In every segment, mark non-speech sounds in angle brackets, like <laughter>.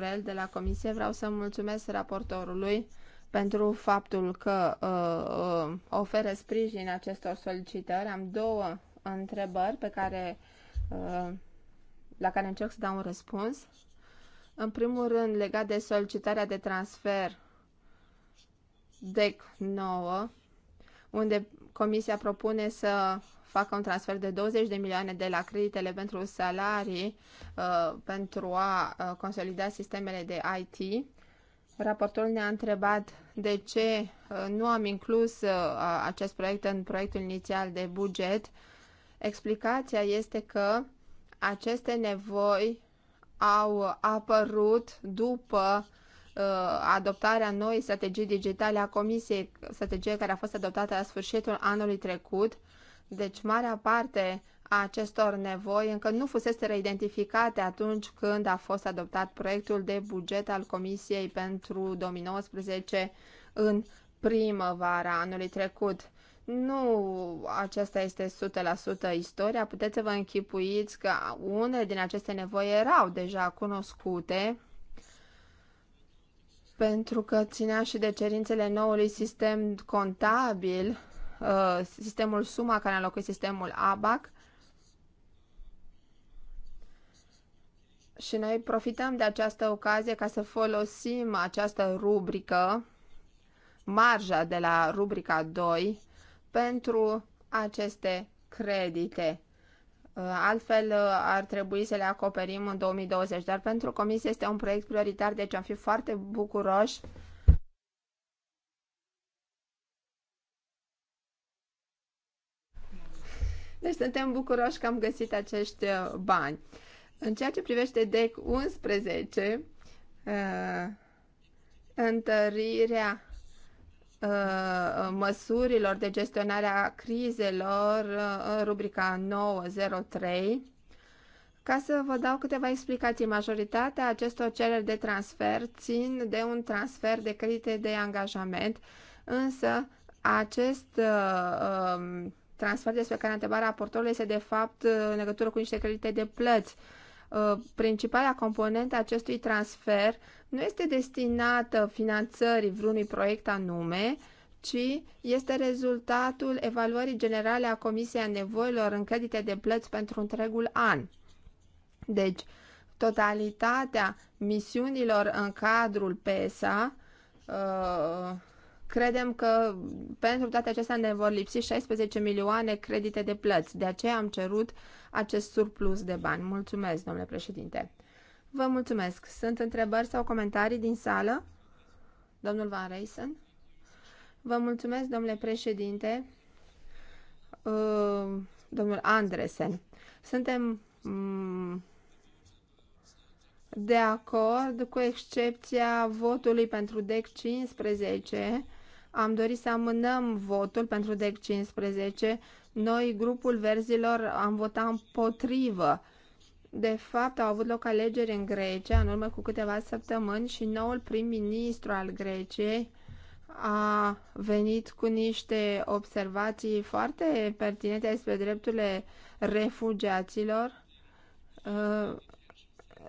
Burel de la Comisie. Vreau să mulțumesc raportorului pentru faptul că uh, uh, oferă sprijin acestor solicitări. Am două întrebări pe care, uh, la care încerc să dau un răspuns. În primul rând, legat de solicitarea de transfer DEC 9, unde Comisia propune să facă un transfer de 20 de milioane de la creditele pentru salarii uh, pentru a uh, consolida sistemele de IT. Raportorul ne-a întrebat de ce uh, nu am inclus uh, acest proiect în proiectul inițial de buget. Explicația este că aceste nevoi au apărut după uh, adoptarea noii strategii digitale a Comisiei, strategie care a fost adoptată la sfârșitul anului trecut deci, marea parte a acestor nevoi încă nu fusese reidentificate atunci când a fost adoptat proiectul de buget al Comisiei pentru 2019 în primăvara anului trecut. Nu aceasta este 100% istoria, puteți să vă închipuiți că unele din aceste nevoi erau deja cunoscute pentru că ținea și de cerințele noului sistem contabil Uh, sistemul SUMA care a înlocuit sistemul ABAC și noi profităm de această ocazie ca să folosim această rubrică, marja de la rubrica 2, pentru aceste credite. Uh, altfel uh, ar trebui să le acoperim în 2020, dar pentru comisie este un proiect prioritar, deci am fi foarte bucuroși Deci suntem bucuroși că am găsit acești uh, bani. În ceea ce privește DEC 11, uh, întărirea uh, măsurilor de gestionare a crizelor în rubrica 903. Ca să vă dau câteva explicații, majoritatea acestor cereri de transfer țin de un transfer de credite de angajament, însă acest uh, um, transfer despre care a întrebat raportorul este de fapt în legătură cu niște credite de plăți. Uh, principala componentă a acestui transfer nu este destinată finanțării vreunui proiect anume, ci este rezultatul evaluării generale a Comisiei a Nevoilor în credite de plăți pentru întregul an. Deci, totalitatea misiunilor în cadrul PESA uh, Credem că pentru toate acestea ne vor lipsi 16 milioane credite de plăți. De aceea am cerut acest surplus de bani. Mulțumesc, domnule președinte. Vă mulțumesc. Sunt întrebări sau comentarii din sală? Domnul Van Reisen. Vă mulțumesc, domnule președinte. Uh, domnul Andresen. Suntem mm, de acord cu excepția votului pentru DEC 15 am dorit să amânăm votul pentru DEC 15. Noi, grupul verzilor, am votat împotrivă. De fapt, au avut loc alegeri în Grecia în urmă cu câteva săptămâni și noul prim-ministru al Greciei a venit cu niște observații foarte pertinente despre drepturile refugiaților uh,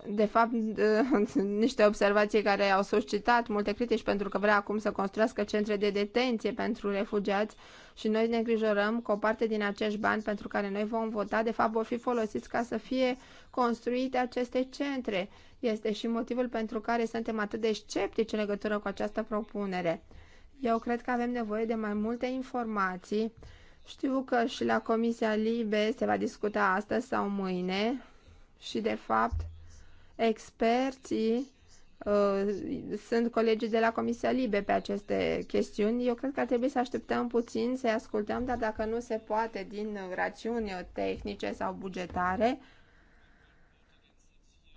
de fapt, <laughs> niște observații care au suscitat multe critici pentru că vrea acum să construiască centre de detenție pentru refugiați și noi ne îngrijorăm că o parte din acești bani pentru care noi vom vota, de fapt, vor fi folosiți ca să fie construite aceste centre. Este și motivul pentru care suntem atât de sceptici în legătură cu această propunere. Eu cred că avem nevoie de mai multe informații. Știu că și la Comisia Libe se va discuta astăzi sau mâine și, de fapt, Experții uh, sunt colegii de la Comisia Libe pe aceste chestiuni. Eu cred că ar trebui să așteptăm puțin, să-i ascultăm, dar dacă nu se poate din rațiuni tehnice sau bugetare,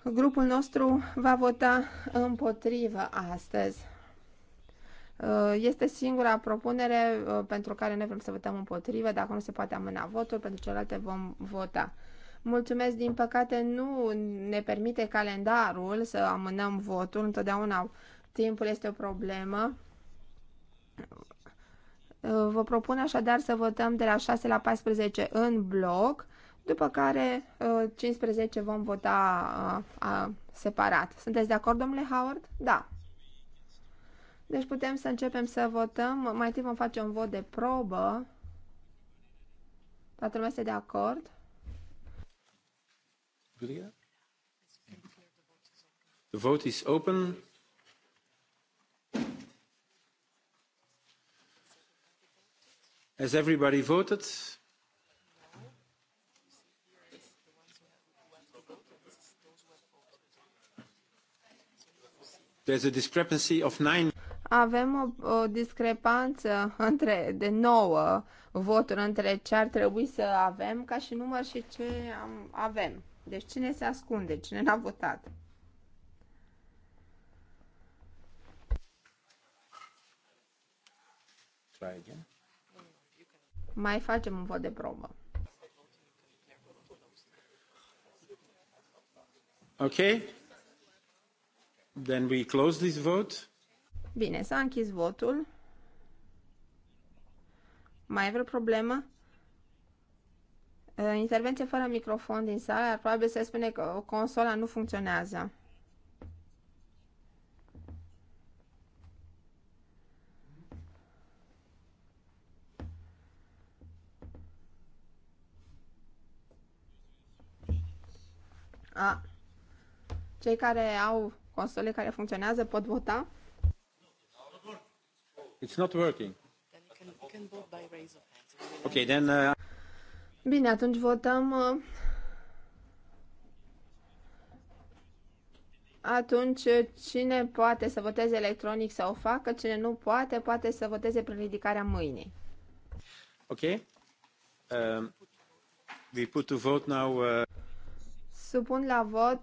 grupul nostru va vota împotrivă astăzi. Uh, este singura propunere uh, pentru care noi vrem să votăm împotrivă. Dacă nu se poate amâna votul, pentru celelalte vom vota. Mulțumesc, din păcate nu ne permite calendarul să amânăm votul, întotdeauna timpul este o problemă. Vă propun așadar să votăm de la 6 la 14 în bloc, după care 15 uh, vom vota uh, separat. Sunteți de acord, domnule Howard? Da. Deci putem să începem să votăm. Mai întâi vom face un vot de probă. Toată lumea este de acord? Julia? The vote is open. Has everybody voted? There's a discrepancy of nine. Avem o, o discrepanță între de nouă voturi între ce ar trebui să avem ca și număr și ce am, avem. Deci cine se ascunde? Cine n-a votat? Mai facem un vot de probă. Ok. Then we close this vote. Bine, s-a închis votul. Mai e vreo problemă? intervenție fără microfon din sală, ar probabil să spune că consola nu funcționează. A. Cei care au console care funcționează pot vota? It's not working. Then can, can vote by raise of hands. Okay, then... Uh... Bine, atunci votăm. Uh, atunci, cine poate să voteze electronic sau o facă, cine nu poate, poate să voteze prin ridicarea mâinii. Ok. Um, we put to vote now. Uh... Supun la vot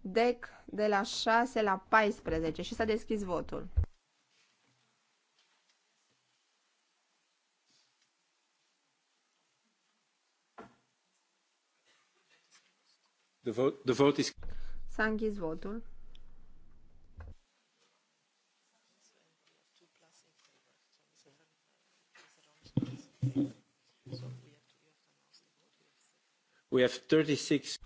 DEC de la 6 la 14 și s-a deschis votul. The vote, the vote is... S-a închis votul. We have 36.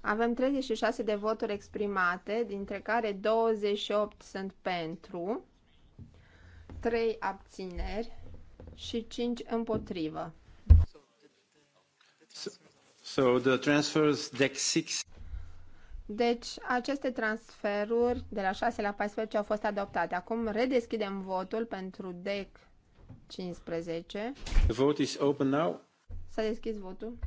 Avem 36 de voturi exprimate, dintre care 28 sunt pentru, 3 abțineri și 5 împotrivă. So, So the transfers 6. Deci, aceste transferuri de la 6 la 14 au fost adoptate. Acum redeschidem votul pentru DEC 15. The vote is open now. S-a deschis votul.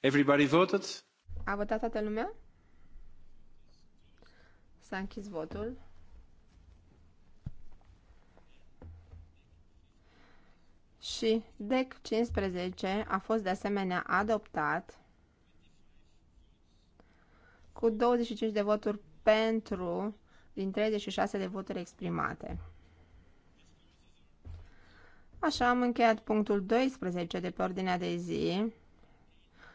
Everybody voted? A votat toată lumea? S-a închis votul. și DEC 15 a fost de asemenea adoptat cu 25 de voturi pentru din 36 de voturi exprimate. Așa am încheiat punctul 12 de pe ordinea de zi.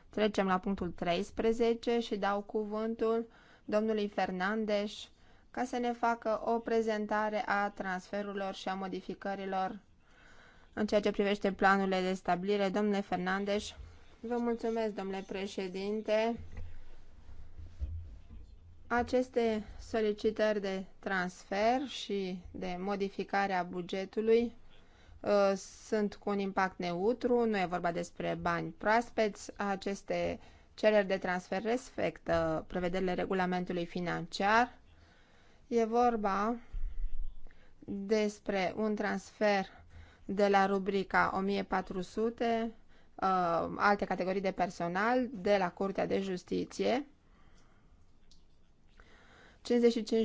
Trecem la punctul 13 și dau cuvântul domnului Fernandes ca să ne facă o prezentare a transferurilor și a modificărilor în ceea ce privește planurile de stabilire. Domnule Fernandes, vă mulțumesc, domnule președinte. Aceste solicitări de transfer și de modificare a bugetului uh, sunt cu un impact neutru, nu e vorba despre bani proaspeți. Aceste cereri de transfer respectă prevederile regulamentului financiar. E vorba despre un transfer de la rubrica 1400, uh, alte categorii de personal de la Curtea de Justiție,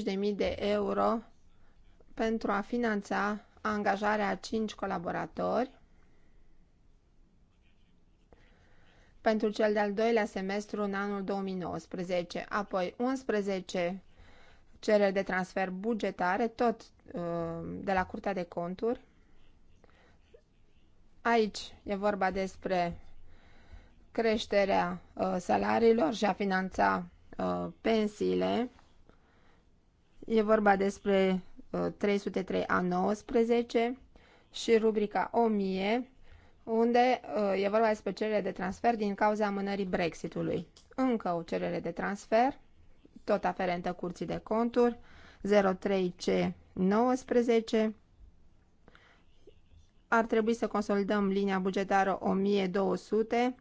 55.000 de euro pentru a finanța angajarea a 5 colaboratori, pentru cel de-al doilea semestru în anul 2019, apoi 11 cereri de transfer bugetare, tot uh, de la Curtea de Conturi, Aici e vorba despre creșterea uh, salariilor și a finanța uh, pensiile. E vorba despre uh, 303 a 19 și rubrica 1000, unde uh, e vorba despre cerere de transfer din cauza amânării Brexitului. Încă o cerere de transfer, tot aferentă curții de conturi, 03C19, ar trebui să consolidăm linia bugetară 1200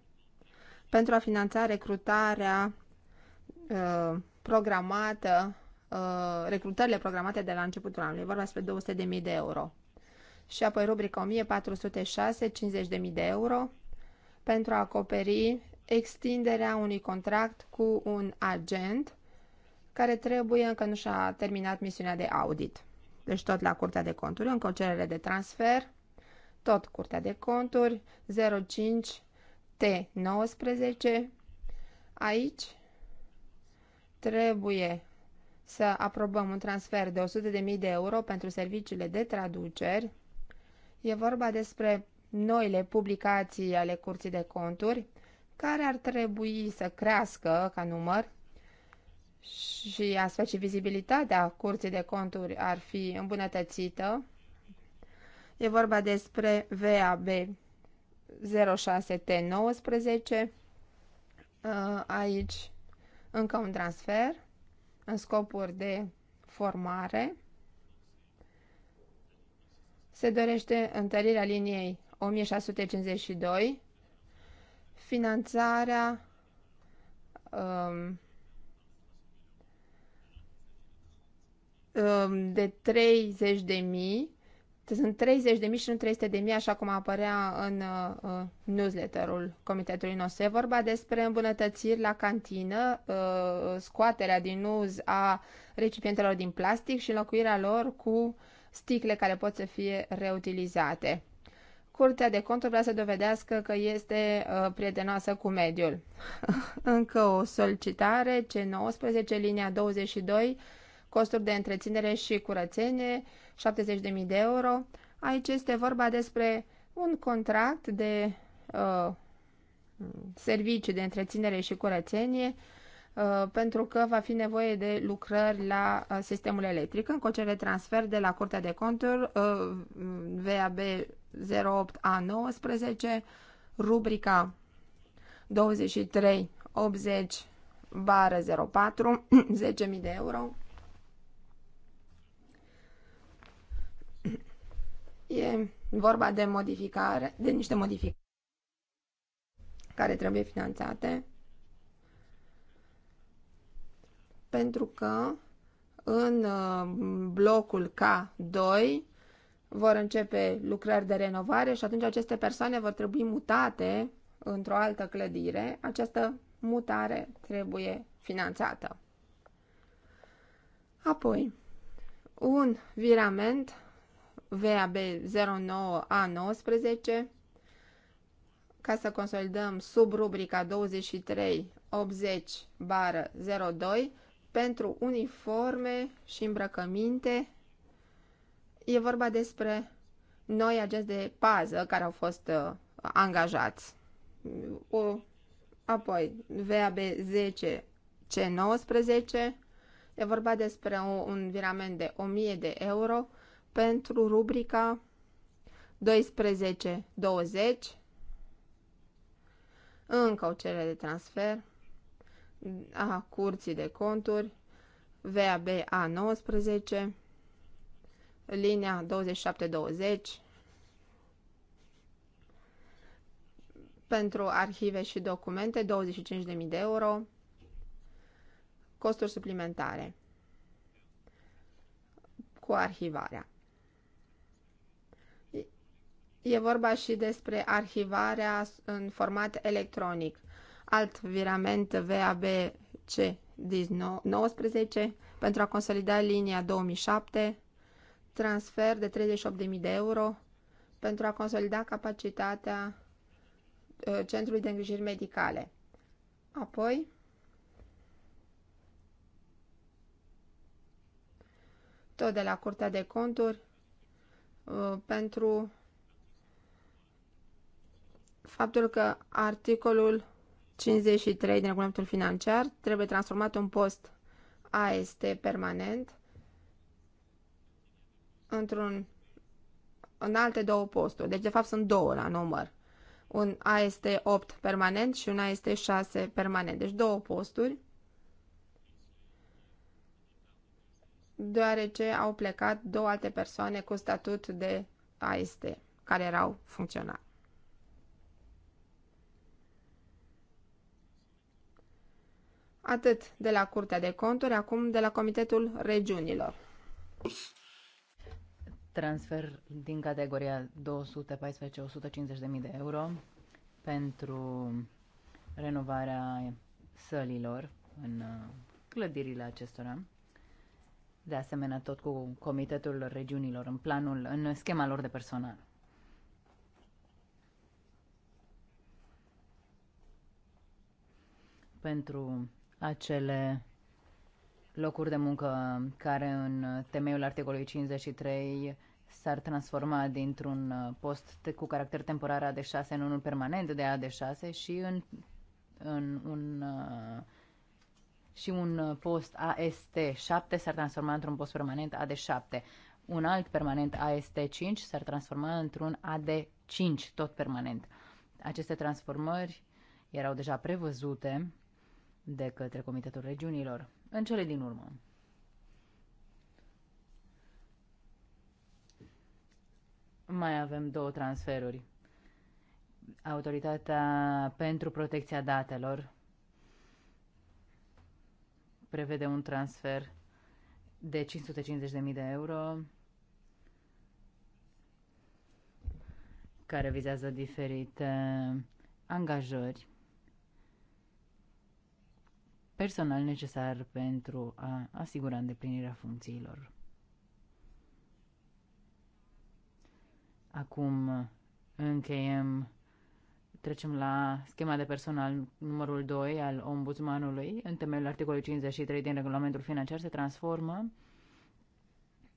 pentru a finanța recrutarea uh, programată, uh, recrutările programate de la începutul anului, vorba despre 200.000 de euro. Și apoi rubrica 1406, 50.000 de euro, pentru a acoperi extinderea unui contract cu un agent care trebuie încă nu și-a terminat misiunea de audit. Deci tot la Curtea de Conturi, încă o cerere de transfer tot Curtea de Conturi, 05 T19. Aici trebuie să aprobăm un transfer de 100.000 de euro pentru serviciile de traduceri. E vorba despre noile publicații ale Curții de Conturi, care ar trebui să crească ca număr și astfel și vizibilitatea Curții de Conturi ar fi îmbunătățită. E vorba despre VAB 06T19. Uh, aici încă un transfer în scopuri de formare. Se dorește întărirea liniei 1652, finanțarea um, um, de 30.000 sunt 30 de mii și nu 300 de mii, așa cum apărea în uh, uh, newsletterul comitetului nostru. E vorba despre îmbunătățiri la cantină, uh, scoaterea din uz a recipientelor din plastic și înlocuirea lor cu sticle care pot să fie reutilizate. Curtea de conturi vrea să dovedească că este uh, prietenoasă cu mediul. <laughs> Încă o solicitare, C19, linia 22, costuri de întreținere și curățenie, 70.000 de euro. Aici este vorba despre un contract de uh, servicii de întreținere și curățenie uh, pentru că va fi nevoie de lucrări la uh, sistemul electric. În cere transfer de la Curtea de Conturi uh, VAB 08A19 rubrica 2380 bară 04 10.000 <clears throat> de euro E vorba de modificare, de niște modificări care trebuie finanțate pentru că în uh, blocul K2 vor începe lucrări de renovare și atunci aceste persoane vor trebui mutate într-o altă clădire. Această mutare trebuie finanțată. Apoi, un virament VAB 09A19 ca să consolidăm sub rubrica 2380 bară 02 pentru uniforme și îmbrăcăminte. E vorba despre noi agenți de pază care au fost uh, angajați. O, apoi, VAB 10 C19 e vorba despre un, un virament de 1000 de euro pentru rubrica 1220 încă o cerere de transfer a curții de conturi VAB A19 linia 2720 pentru arhive și documente 25.000 de euro costuri suplimentare cu arhivarea E vorba și despre arhivarea în format electronic. Alt virament VABC 19 pentru a consolida linia 2007, transfer de 38.000 de euro pentru a consolida capacitatea ă, Centrului de Îngrijiri Medicale. Apoi, tot de la Curtea de Conturi, ă, pentru faptul că articolul 53 din regulamentul financiar trebuie transformat în post AST permanent într-un în alte două posturi. Deci, de fapt, sunt două la număr. Un AST 8 permanent și un AST 6 permanent. Deci, două posturi. Deoarece au plecat două alte persoane cu statut de AST, care erau funcționari. atât de la Curtea de Conturi, acum de la Comitetul Regiunilor. Transfer din categoria 214-150.000 de euro pentru renovarea sălilor în uh, clădirile acestora. De asemenea, tot cu Comitetul Regiunilor în planul, în schema lor de personal. Pentru acele locuri de muncă care în temeiul articolului 53 s-ar transforma dintr-un post cu caracter temporar AD6 în unul permanent de AD6 și în, în un uh, și un post AST7 s-ar transforma într-un post permanent AD7. Un alt permanent AST5 s-ar transforma într-un AD5 tot permanent. Aceste transformări erau deja prevăzute de către Comitetul Regiunilor. În cele din urmă, mai avem două transferuri. Autoritatea pentru protecția datelor prevede un transfer de 550.000 de euro care vizează diferite angajări personal necesar pentru a asigura îndeplinirea funcțiilor. Acum încheiem, trecem la schema de personal numărul 2 al ombudsmanului. În temelul articolului 53 din regulamentul financiar se transformă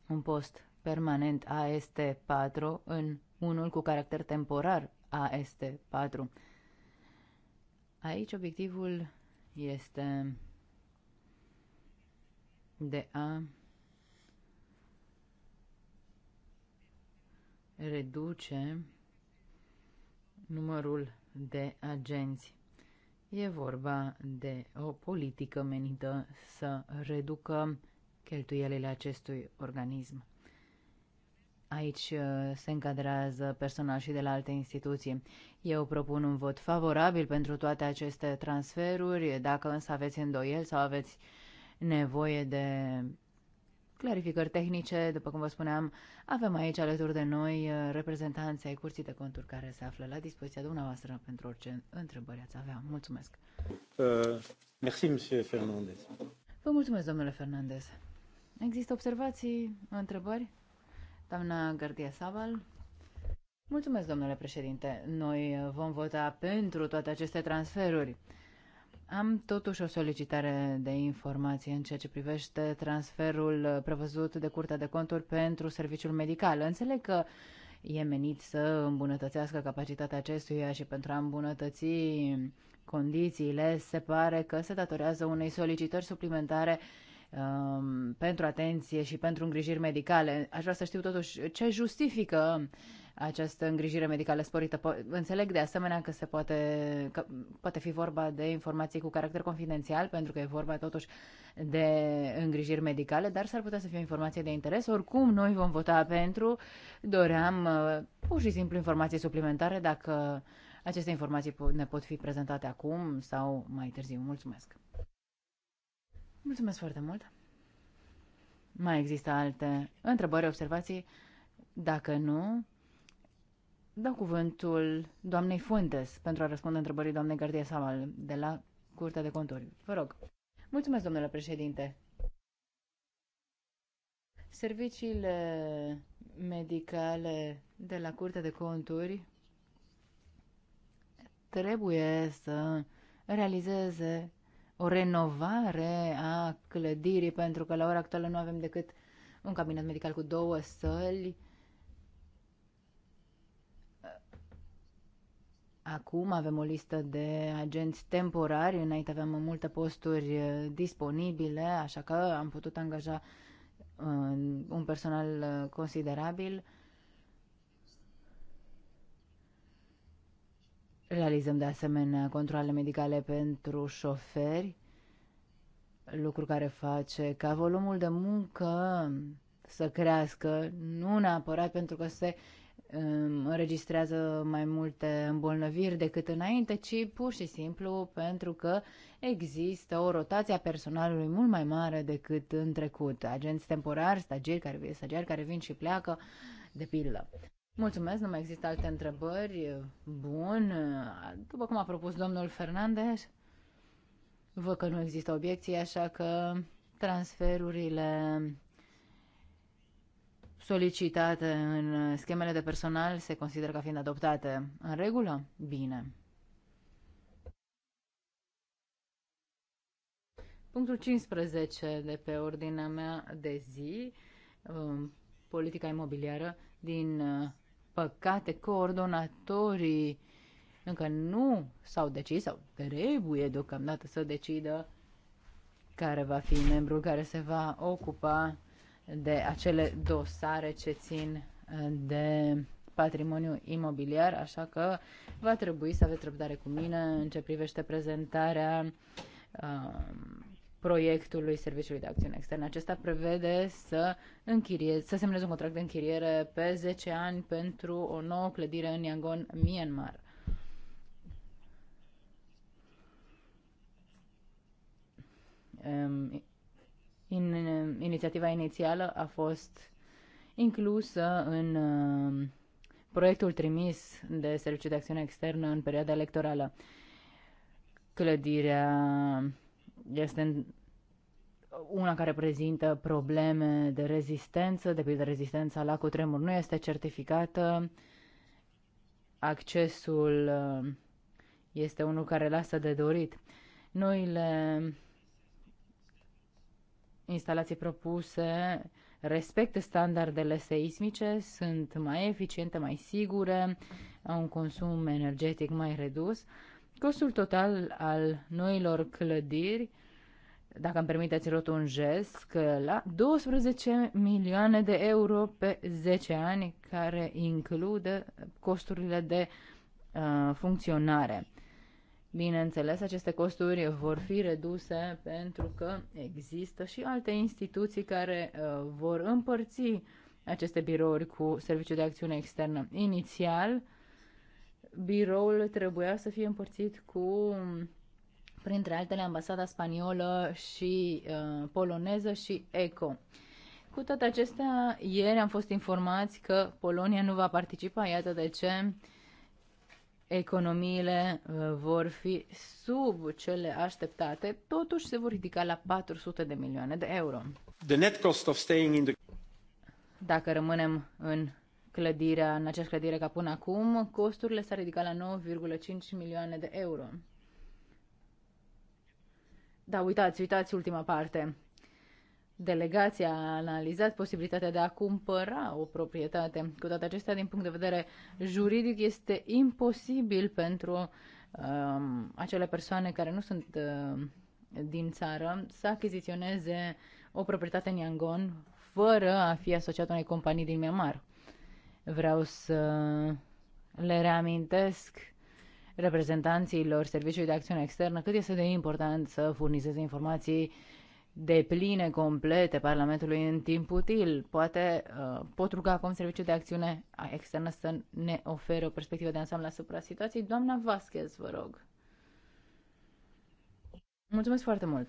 un post permanent AST4 în unul cu caracter temporar AST4. Aici obiectivul este de a reduce numărul de agenți. E vorba de o politică menită să reducă cheltuielile acestui organism. Aici uh, se încadrează personal și de la alte instituții. Eu propun un vot favorabil pentru toate aceste transferuri. Dacă însă aveți îndoieli sau aveți nevoie de clarificări tehnice, după cum vă spuneam, avem aici alături de noi uh, reprezentanții ai Curții de Conturi care se află la dispoziția dumneavoastră pentru orice întrebări ați avea. Mulțumesc! Uh, merci, monsieur Fernandez. Vă mulțumesc, domnule Fernandez. Există observații, întrebări? Doamna Gardia Saval. Mulțumesc, domnule președinte. Noi vom vota pentru toate aceste transferuri. Am totuși o solicitare de informație în ceea ce privește transferul prevăzut de Curtea de Conturi pentru serviciul medical. Înțeleg că e menit să îmbunătățească capacitatea acestuia și pentru a îmbunătăți condițiile, se pare că se datorează unei solicitări suplimentare uh, um, pentru atenție și pentru îngrijiri medicale. Aș vrea să știu totuși ce justifică această îngrijire medicală sporită. Po- înțeleg de asemenea că se poate, că poate fi vorba de informații cu caracter confidențial, pentru că e vorba totuși de îngrijiri medicale, dar s-ar putea să fie informație de interes. Oricum, noi vom vota pentru. Doream uh, pur și simplu informații suplimentare dacă aceste informații ne pot fi prezentate acum sau mai târziu. Mulțumesc! Mulțumesc foarte mult. Mai există alte întrebări, observații? Dacă nu, dau cuvântul doamnei Fuentes pentru a răspunde întrebării doamnei Gardie Samal de la Curtea de Conturi. Vă rog. Mulțumesc, domnule președinte. Serviciile medicale de la Curtea de Conturi trebuie să realizeze o renovare a clădirii, pentru că la ora actuală nu avem decât un cabinet medical cu două săli. Acum avem o listă de agenți temporari, înainte aveam multe posturi disponibile, așa că am putut angaja uh, un personal uh, considerabil. Realizăm de asemenea controle medicale pentru șoferi, lucru care face ca volumul de muncă să crească, nu neapărat pentru că se um, înregistrează mai multe îmbolnăviri decât înainte, ci pur și simplu pentru că există o rotație a personalului mult mai mare decât în trecut. Agenți temporari, stagiari care, stagiari care vin și pleacă, de pildă. Mulțumesc, nu mai există alte întrebări. Bun. După cum a propus domnul Fernandez, văd că nu există obiecții, așa că transferurile solicitate în schemele de personal se consideră ca fiind adoptate. În regulă? Bine. Punctul 15 de pe ordinea mea de zi, um, politica imobiliară din uh, păcate, coordonatorii încă nu s-au decis sau trebuie deocamdată să decidă care va fi membrul care se va ocupa de acele dosare ce țin de patrimoniu imobiliar, așa că va trebui să aveți răbdare cu mine în ce privește prezentarea um, proiectului Serviciului de Acțiune Externă. Acesta prevede să, închirie, să semneze un contract de închiriere pe 10 ani pentru o nouă clădire în Yangon, Myanmar. In, inițiativa inițială a fost inclusă în proiectul trimis de Serviciul de Acțiune Externă în perioada electorală. Clădirea este în una care prezintă probleme de rezistență, de pildă rezistența la cutremur nu este certificată, accesul uh, este unul care lasă de dorit. Noile instalații propuse respectă standardele seismice, sunt mai eficiente, mai sigure, au un consum energetic mai redus. Costul total al noilor clădiri dacă îmi permiteți că la 12 milioane de euro pe 10 ani, care include costurile de uh, funcționare. Bineînțeles, aceste costuri vor fi reduse pentru că există și alte instituții care uh, vor împărți aceste birouri cu Serviciul de Acțiune Externă. Inițial, biroul trebuia să fie împărțit cu printre altele ambasada spaniolă și uh, poloneză și ECO. Cu toate acestea, ieri am fost informați că Polonia nu va participa, iată de ce economiile uh, vor fi sub cele așteptate, totuși se vor ridica la 400 de milioane de euro. The net cost of staying in the... Dacă rămânem în clădirea, în acea clădire ca până acum, costurile s-ar ridica la 9,5 milioane de euro. Da, uitați, uitați ultima parte. Delegația a analizat posibilitatea de a cumpăra o proprietate. Cu toate acestea, din punct de vedere juridic, este imposibil pentru um, acele persoane care nu sunt uh, din țară să achiziționeze o proprietate în Yangon fără a fi asociată unei companii din Myanmar. Vreau să le reamintesc reprezentanților Serviciului de Acțiune Externă cât este de important să furnizeze informații de pline, complete Parlamentului în timp util. Poate uh, pot ruga acum Serviciul de Acțiune Externă să ne ofere o perspectivă de ansamblu asupra situației. Doamna Vasquez, vă rog. Mulțumesc foarte mult.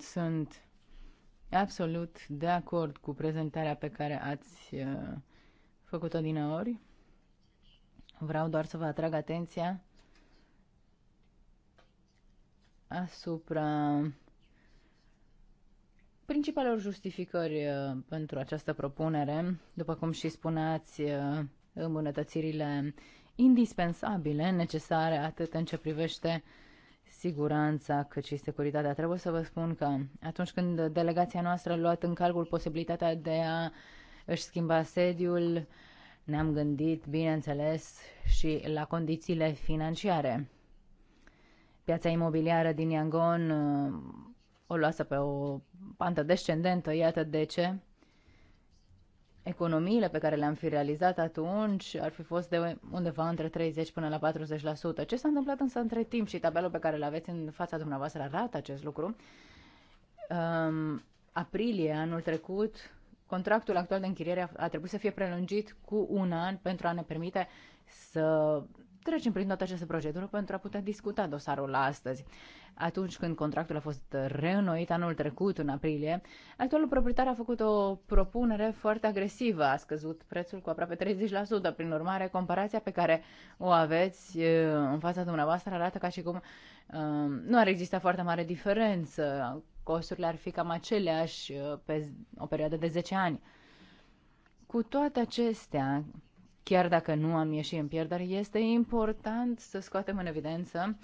Sunt absolut de acord cu prezentarea pe care ați uh, făcut-o din ori. Vreau doar să vă atrag atenția asupra principalelor justificări uh, pentru această propunere, după cum și spuneați, uh, îmbunătățirile indispensabile, necesare atât în ce privește siguranța cât și securitatea. Trebuie să vă spun că atunci când delegația noastră a luat în calcul posibilitatea de a își schimba sediul, uh, ne-am gândit, bineînțeles, și la condițiile financiare. Piața imobiliară din Yangon uh, o luasă pe o pantă descendentă, iată de ce. Economiile pe care le-am fi realizat atunci ar fi fost de undeva între 30 până la 40%. Ce s-a întâmplat însă între timp și tabelul pe care îl aveți în fața dumneavoastră arată acest lucru. Um, aprilie anul trecut Contractul actual de închiriere a trebuit să fie prelungit cu un an pentru a ne permite să trecem prin toată această procedură pentru a putea discuta dosarul astăzi. Atunci când contractul a fost reînnoit anul trecut, în aprilie, actualul proprietar a făcut o propunere foarte agresivă, a scăzut prețul cu aproape 30%. Prin urmare, comparația pe care o aveți în fața dumneavoastră arată ca și cum nu ar exista foarte mare diferență costurile ar fi cam aceleași uh, pe o perioadă de 10 ani. Cu toate acestea, chiar dacă nu am ieșit în pierdere, este important să scoatem în evidență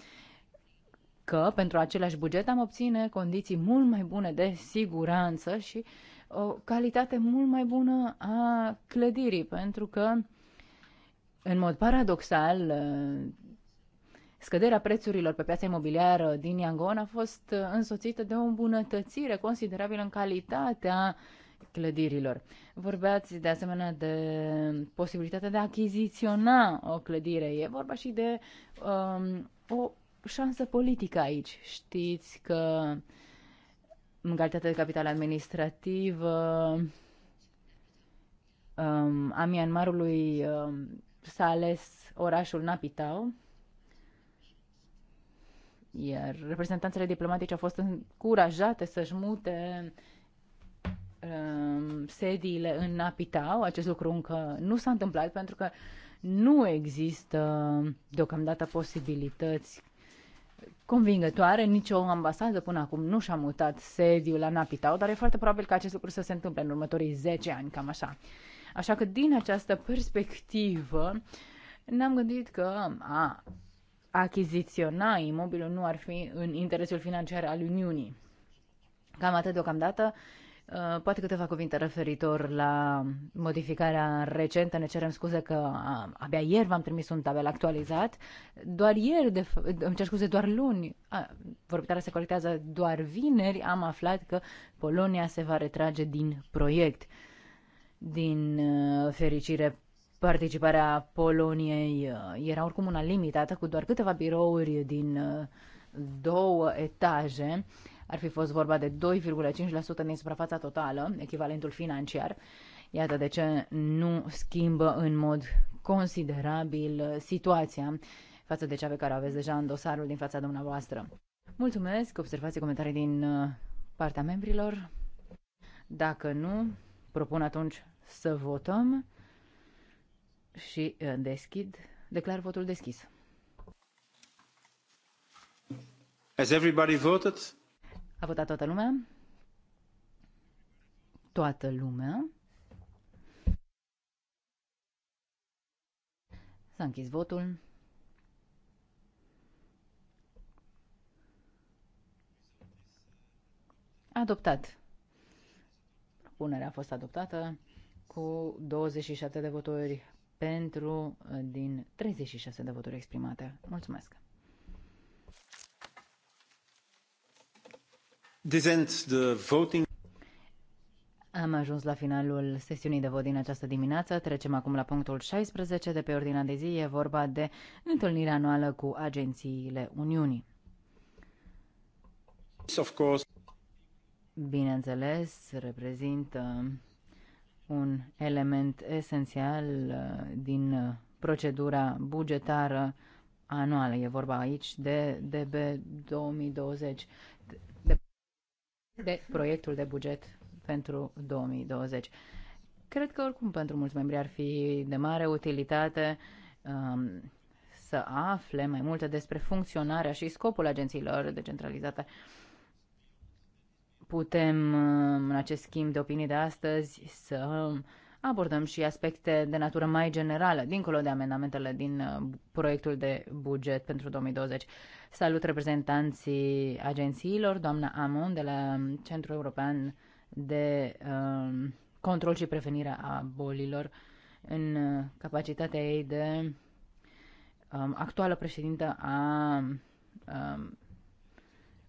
că pentru același buget am obține condiții mult mai bune de siguranță și o calitate mult mai bună a clădirii, pentru că, în mod paradoxal, uh, Scăderea prețurilor pe piața imobiliară din Yangon a fost însoțită de o îmbunătățire considerabilă în calitatea clădirilor. Vorbeați de asemenea de posibilitatea de a achiziționa o clădire. E vorba și de um, o șansă politică aici. Știți că în calitate de capital administrativă um, a Myanmarului um, s-a ales orașul Napitau, iar reprezentanțele diplomatice au fost încurajate să-și mute uh, sediile în Napitau. Acest lucru încă nu s-a întâmplat pentru că nu există deocamdată posibilități convingătoare, nicio ambasadă până acum nu și-a mutat sediul la Napitau, dar e foarte probabil că acest lucru să se întâmple în următorii 10 ani, cam așa. Așa că din această perspectivă ne-am gândit că a, achiziționa imobilul nu ar fi în interesul financiar al Uniunii. Cam atât deocamdată. Uh, poate câteva cuvinte referitor la modificarea recentă. Ne cerem scuze că uh, abia ieri v-am trimis un tabel actualizat. Doar ieri, de f- îmi cer scuze, doar luni, vorbitarea se colectează doar vineri, am aflat că Polonia se va retrage din proiect. Din uh, fericire Participarea Poloniei uh, era oricum una limitată, cu doar câteva birouri din uh, două etaje. Ar fi fost vorba de 2,5% din suprafața totală, echivalentul financiar. Iată de ce nu schimbă în mod considerabil uh, situația față de cea pe care o aveți deja în dosarul din fața dumneavoastră. Mulțumesc, observații, comentarii din partea membrilor. Dacă nu, propun atunci să votăm și uh, deschid, declar votul deschis. Has everybody voted? A votat toată lumea? Toată lumea. S-a închis votul. Adoptat. Propunerea a fost adoptată cu 27 de voturi pentru uh, din 36 de voturi exprimate. Mulțumesc! the voting. Am ajuns la finalul sesiunii de vot din această dimineață. Trecem acum la punctul 16 de pe ordinea de zi. E vorba de întâlnirea anuală cu agențiile Uniunii. Bineînțeles, reprezintă un element esențial uh, din uh, procedura bugetară anuală. E vorba aici de DB 2020, de, de proiectul de buget pentru 2020. Cred că oricum pentru mulți membri ar fi de mare utilitate um, să afle mai multe despre funcționarea și scopul agențiilor decentralizate uh, putem, uh, în acest schimb de opinii de astăzi, să abordăm și aspecte de natură mai generală, dincolo de amendamentele din uh, proiectul de buget pentru 2020. Salut reprezentanții agențiilor, doamna Amon de la Centrul European de uh, Control și Prevenire a Bolilor, în capacitatea ei de um, actuală președintă a um,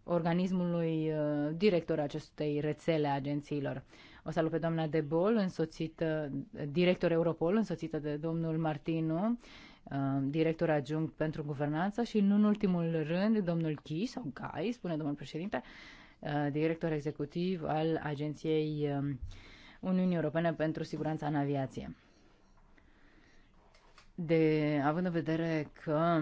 organismului uh, director acestei rețele agențiilor. O salut pe doamna De Bol, însoțită, director Europol, însoțită de domnul Martinu, uh, director adjunct pentru guvernanță și, nu în ultimul rând, domnul Chi sau Gai, spune domnul președinte, uh, director executiv al Agenției um, Uniunii Europene pentru Siguranța în Aviație. De, având în vedere că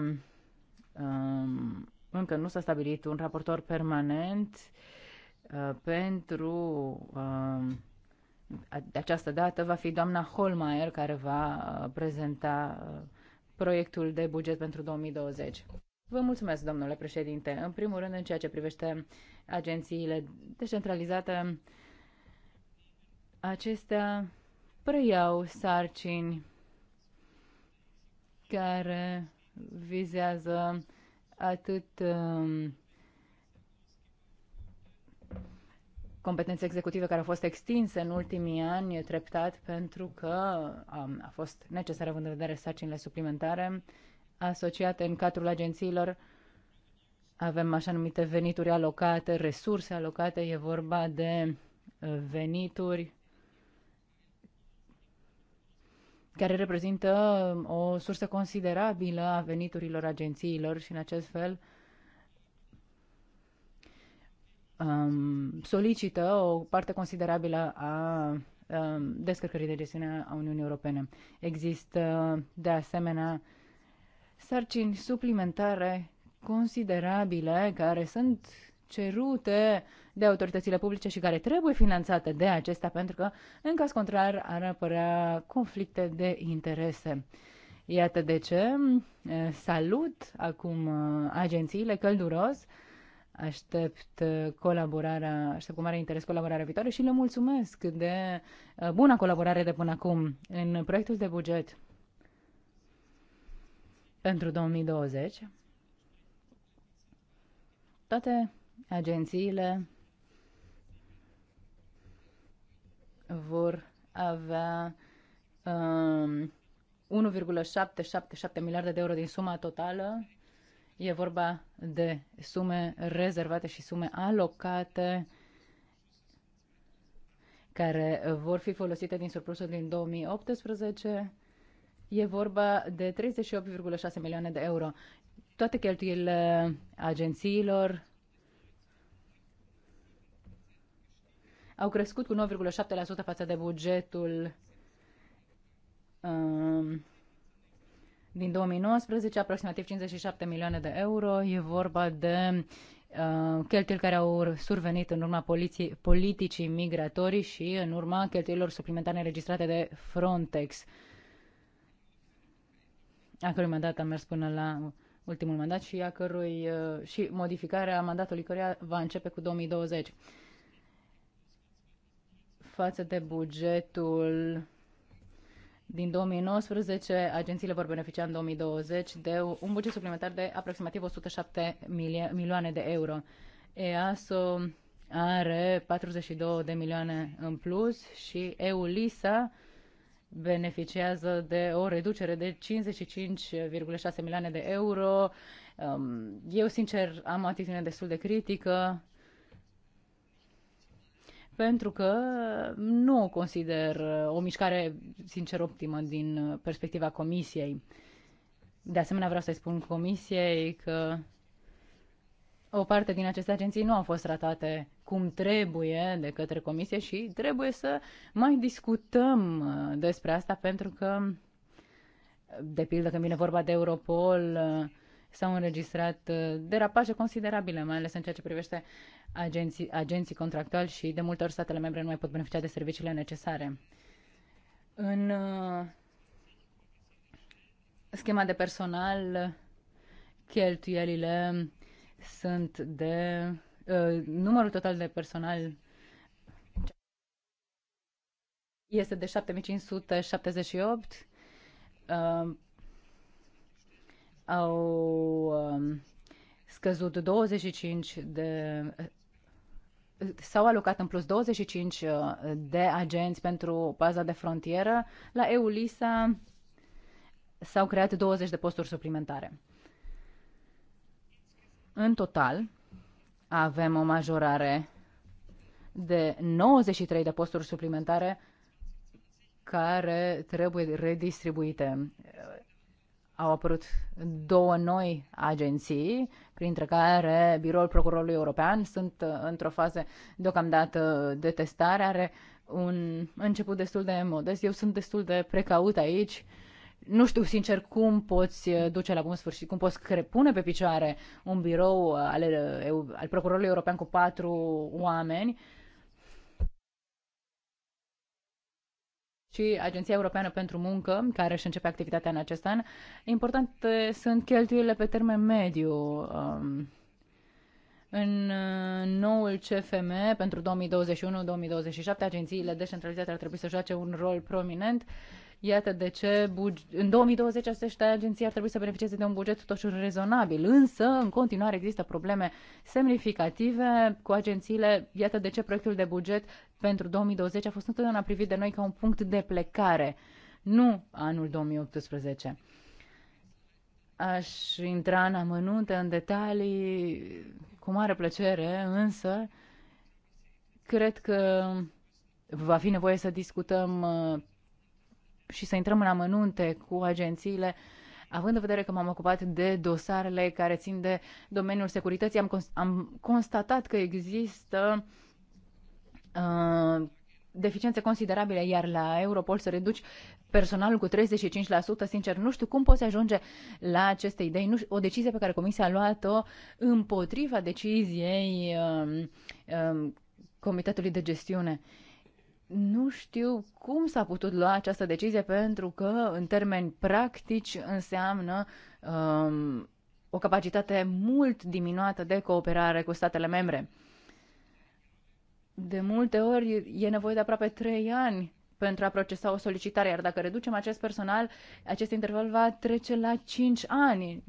um, încă nu s-a stabilit un raportor permanent uh, pentru de um, această dată va fi doamna Holmeier care va uh, prezenta uh, proiectul de buget pentru 2020. Vă mulțumesc, domnule președinte. În primul rând, în ceea ce privește agențiile descentralizate, acestea preiau sarcini care vizează atât um, competențe executive care au fost extinse în ultimii ani treptat pentru că um, a fost necesară având în vedere sarcinile suplimentare asociate în cadrul agențiilor avem așa numite venituri alocate, resurse alocate, e vorba de venituri care reprezintă um, o sursă considerabilă a veniturilor agențiilor și în acest fel um, solicită o parte considerabilă a um, descărcării de gestiune a Uniunii Europene. Există de asemenea sarcini suplimentare considerabile care sunt cerute de autoritățile publice și care trebuie finanțate de acestea, pentru că, în caz contrar, ar apărea conflicte de interese. Iată de ce salut acum agențiile călduros, aștept colaborarea, aștept cu mare interes colaborarea viitoare și le mulțumesc de buna colaborare de până acum în proiectul de buget pentru 2020. Toate agențiile vor avea um, 1,777 miliarde de euro din suma totală. E vorba de sume rezervate și sume alocate care vor fi folosite din surplusul din 2018. E vorba de 38,6 milioane de euro. Toate cheltuielile agențiilor au crescut cu 9,7% față de bugetul um, din 2019, aproximativ 57 milioane de euro. E vorba de uh, cheltuieli care au survenit în urma poliții, politicii migratorii și în urma cheltuielilor suplimentare înregistrate de Frontex, a cărui mandat a mers până la ultimul mandat și a cărui, uh, și modificarea mandatului căruia va începe cu 2020 față de bugetul din 2019, agențiile vor beneficia în 2020 de un buget suplimentar de aproximativ 107 milioane de euro. EASO are 42 de milioane în plus și EULISA beneficiază de o reducere de 55,6 milioane de euro. Um, eu, sincer, am o atitudine destul de critică pentru că nu o consider uh, o mișcare, sincer, optimă din uh, perspectiva comisiei. De asemenea, vreau să-i spun comisiei că o parte din aceste agenții nu au fost tratate cum trebuie de către comisie și trebuie să mai discutăm uh, despre asta pentru că, de pildă, când vine vorba de Europol, s-au înregistrat uh, derapaje considerabile, mai ales în ceea ce privește agenții, agenții contractuali și de multe ori statele membre nu mai pot beneficia de serviciile necesare. În uh, schema de personal, cheltuielile sunt de uh, numărul total de personal este de 7578 au um, scăzut 25 de s-au alocat în plus 25 uh, de agenți pentru paza de frontieră. La EULISA s-au creat 20 de posturi suplimentare. În total, avem o majorare de 93 de posturi suplimentare care trebuie redistribuite au apărut două noi agenții, printre care Biroul Procurorului European sunt uh, într-o fază deocamdată de testare, are un început destul de modest. Eu sunt destul de precaut aici. Nu știu, sincer, cum poți uh, duce la bun sfârșit, cum poți pune pe picioare un birou uh, al, al Procurorului European cu patru oameni și Agenția Europeană pentru Muncă, care își începe activitatea în acest an. Importante sunt cheltuielile pe termen mediu. Um, în uh, noul CFM pentru 2021-2027, agențiile descentralizate ar trebui să joace un rol prominent. Iată de ce în 2020 aceste agenții ar trebui să beneficieze de un buget totuși rezonabil, însă în continuare există probleme semnificative cu agențiile. Iată de ce proiectul de buget pentru 2020 a fost întotdeauna privit de noi ca un punct de plecare, nu anul 2018. Aș intra în amănunte, în detalii, cu mare plăcere, însă cred că va fi nevoie să discutăm uh, și să intrăm în amănunte cu agențiile, având în vedere că m-am ocupat de dosarele care țin de domeniul securității, am, const- am constatat că există uh, deficiențe considerabile, iar la Europol să reduci personalul cu 35%, sincer, nu știu cum poți ajunge la aceste idei. Nu știu, o decizie pe care Comisia a luat-o împotriva deciziei um, um, Comitetului de Gestiune. Uh, nu știu cum s-a putut lua această decizie pentru că în termeni practici înseamnă um, o capacitate mult diminuată de cooperare cu statele membre. De multe ori e nevoie de aproape trei ani pentru a procesa o solicitare, iar dacă reducem acest personal, acest interval va trece la 5 ani.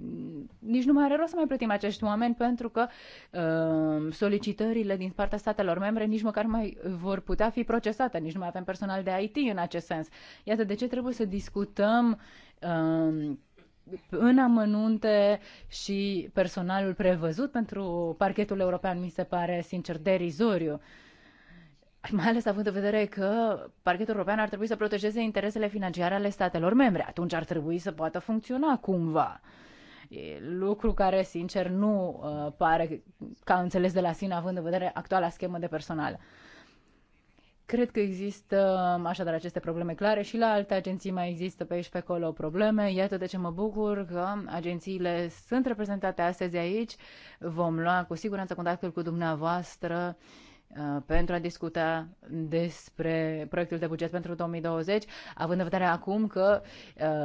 Nici nu mai are rost să mai plătim acești oameni pentru că uh, solicitările din partea statelor membre nici măcar mai vor putea fi procesate, nici nu mai avem personal de IT în acest sens. Iată de ce trebuie să discutăm uh, în amănunte și personalul prevăzut pentru parchetul european mi se pare sincer derizoriu. Uh, mai ales având în vedere că parchetul european ar trebui să protejeze interesele financiare ale statelor membre. Atunci ar trebui să poată funcționa cumva. E lucru care, sincer, nu uh, pare ca înțeles de la sine, având în vedere actuala schemă de personal. Cred că există um, așadar aceste probleme clare și la alte agenții mai există pe aici pe acolo probleme. Iată de ce mă bucur că agențiile sunt reprezentate astăzi aici. Vom lua cu siguranță contactul cu dumneavoastră uh, Uh, pentru a discuta despre proiectul de buget pentru 2020, având în vedere acum că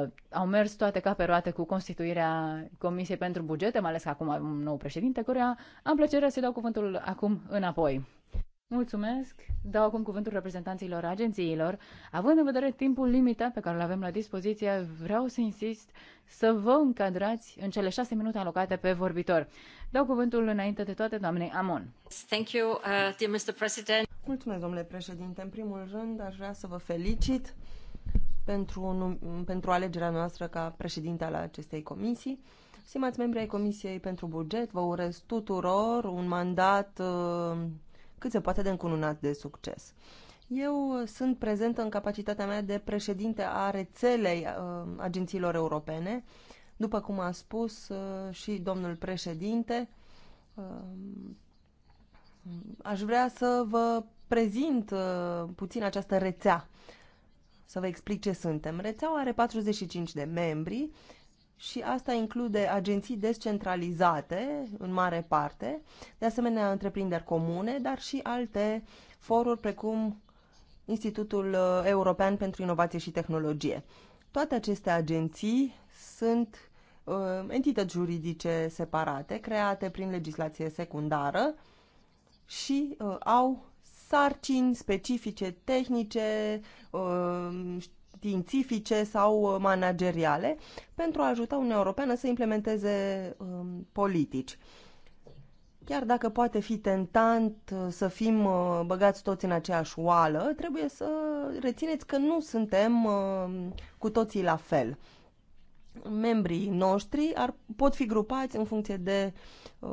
uh, au mers toate ca pe roate cu constituirea Comisiei pentru Bugete, mai ales că acum avem un nou președinte, Corea, am plăcerea să-i dau cuvântul acum înapoi. Mulțumesc. Dau acum cuvântul reprezentanților agențiilor. Având în vedere timpul limitat pe care îl avem la dispoziție, vreau să insist să vă încadrați în cele șase minute alocate pe vorbitor. Dau cuvântul înainte de toate doamnei Amon. Thank you, uh, dear Mr. President. Mulțumesc, domnule președinte. În primul rând, aș vrea să vă felicit pentru, pentru alegerea noastră ca președinte al acestei comisii. Stimați membri ai Comisiei pentru Buget, vă urez tuturor un mandat uh, cât se poate de încununat de succes. Eu uh, sunt prezentă în capacitatea mea de președinte a rețelei uh, agențiilor europene. După cum a spus uh, și domnul președinte, aș vrea să vă prezint puțin această rețea, să vă explic ce suntem. Rețeaua are 45 de membri și asta include agenții descentralizate, în mare parte, de asemenea întreprinderi comune, dar și alte foruri precum Institutul uh, European pentru Inovație și Tehnologie. Toate aceste agenții sunt uh, entități juridice separate, create prin legislație secundară și uh, au sarcini specifice, tehnice, uh, științifice sau uh, manageriale pentru a ajuta Uniunea Europeană să implementeze um, politici. Chiar dacă poate fi tentant uh, să fim uh, băgați toți în aceeași oală, trebuie să rețineți că nu suntem um, cu toții la fel. Membrii noștri ar, pot fi grupați în funcție de uh,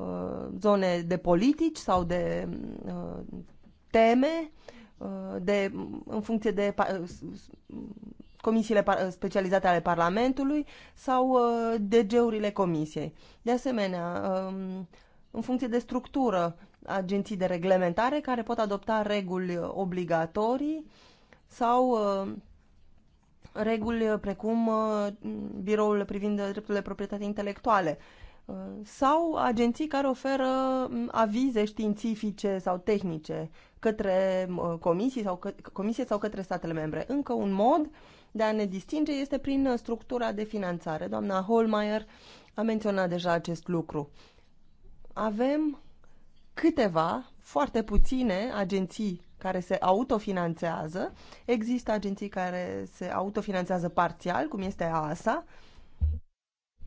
zone de politici sau de uh, teme uh, Uh, de, în funcție de uh, comisiile uh, specializate ale Parlamentului sau DG-urile Comisiei. De asemenea, um, în funcție de structură, agenții de reglementare care pot adopta reguli obligatorii sau reguli precum biroul privind drepturile proprietății intelectuale sau agenții care oferă avize științifice sau tehnice către comisii sau că, comisie sau către statele membre. Încă un mod de a ne distinge este prin structura de finanțare. Doamna Holmeier a menționat deja acest lucru. Avem câteva, foarte puține agenții care se autofinanțează. Există agenții care se autofinanțează parțial, cum este ASA,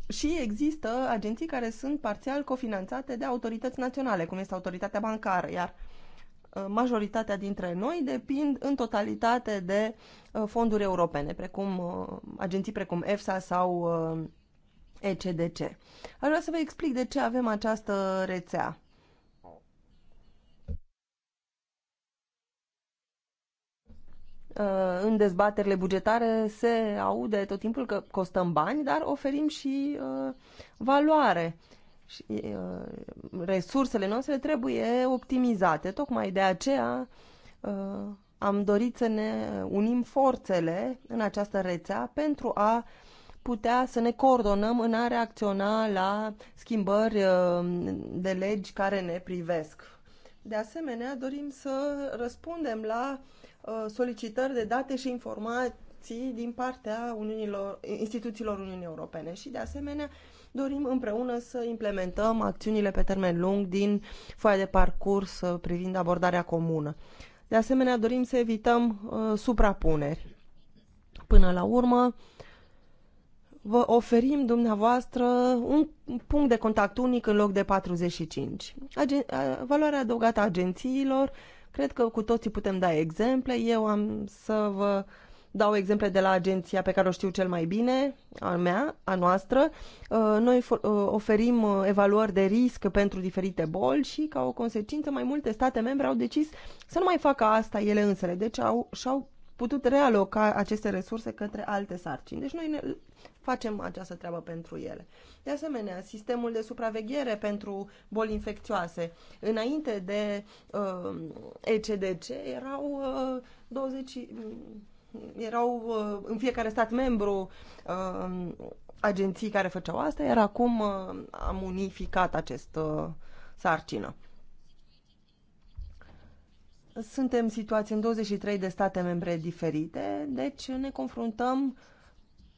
și există agenții care sunt parțial cofinanțate de autorități naționale, cum este autoritatea bancară, iar uh, majoritatea dintre noi depind în totalitate de uh, fonduri europene, precum uh, agenții precum EFSA sau ECDC. Aș vrea să vă explic de ce avem această rețea. Uh, în dezbaterile bugetare se aude tot timpul că costăm bani, dar oferim și uh, valoare. Și, uh, resursele noastre trebuie optimizate. Tocmai de aceea am dorit să ne unim forțele în această rețea pentru a putea să ne coordonăm în a reacționa la schimbări de legi care ne privesc. De asemenea, dorim să răspundem la Uh, solicitări de date și informații din partea Uniunilor, instituțiilor Uniunii Europene și, de asemenea, dorim împreună să implementăm acțiunile pe termen lung din foaia de parcurs uh, privind abordarea comună. De asemenea, dorim să evităm uh, suprapuneri. Până la urmă, vă oferim dumneavoastră un punct de contact unic în loc de 45. Agen- uh, valoarea adăugată a agențiilor Cred că cu toții putem da exemple. Eu am să vă dau exemple de la agenția pe care o știu cel mai bine, a mea, a noastră. Uh, noi uh, oferim uh, evaluări de risc pentru diferite boli și, ca o consecință, mai multe state membre au decis să nu mai facă asta ele însele. Deci au, și-au putut realoca aceste resurse către alte sarcini. Deci noi ne facem această treabă pentru ele. De asemenea, sistemul de supraveghere pentru boli infecțioase. Înainte de uh, ECDC erau uh, 20 erau uh, în fiecare stat membru uh, agenții care făceau asta, iar acum uh, am unificat acest uh, sarcină. Suntem situați în 23 de state membre diferite, deci ne confruntăm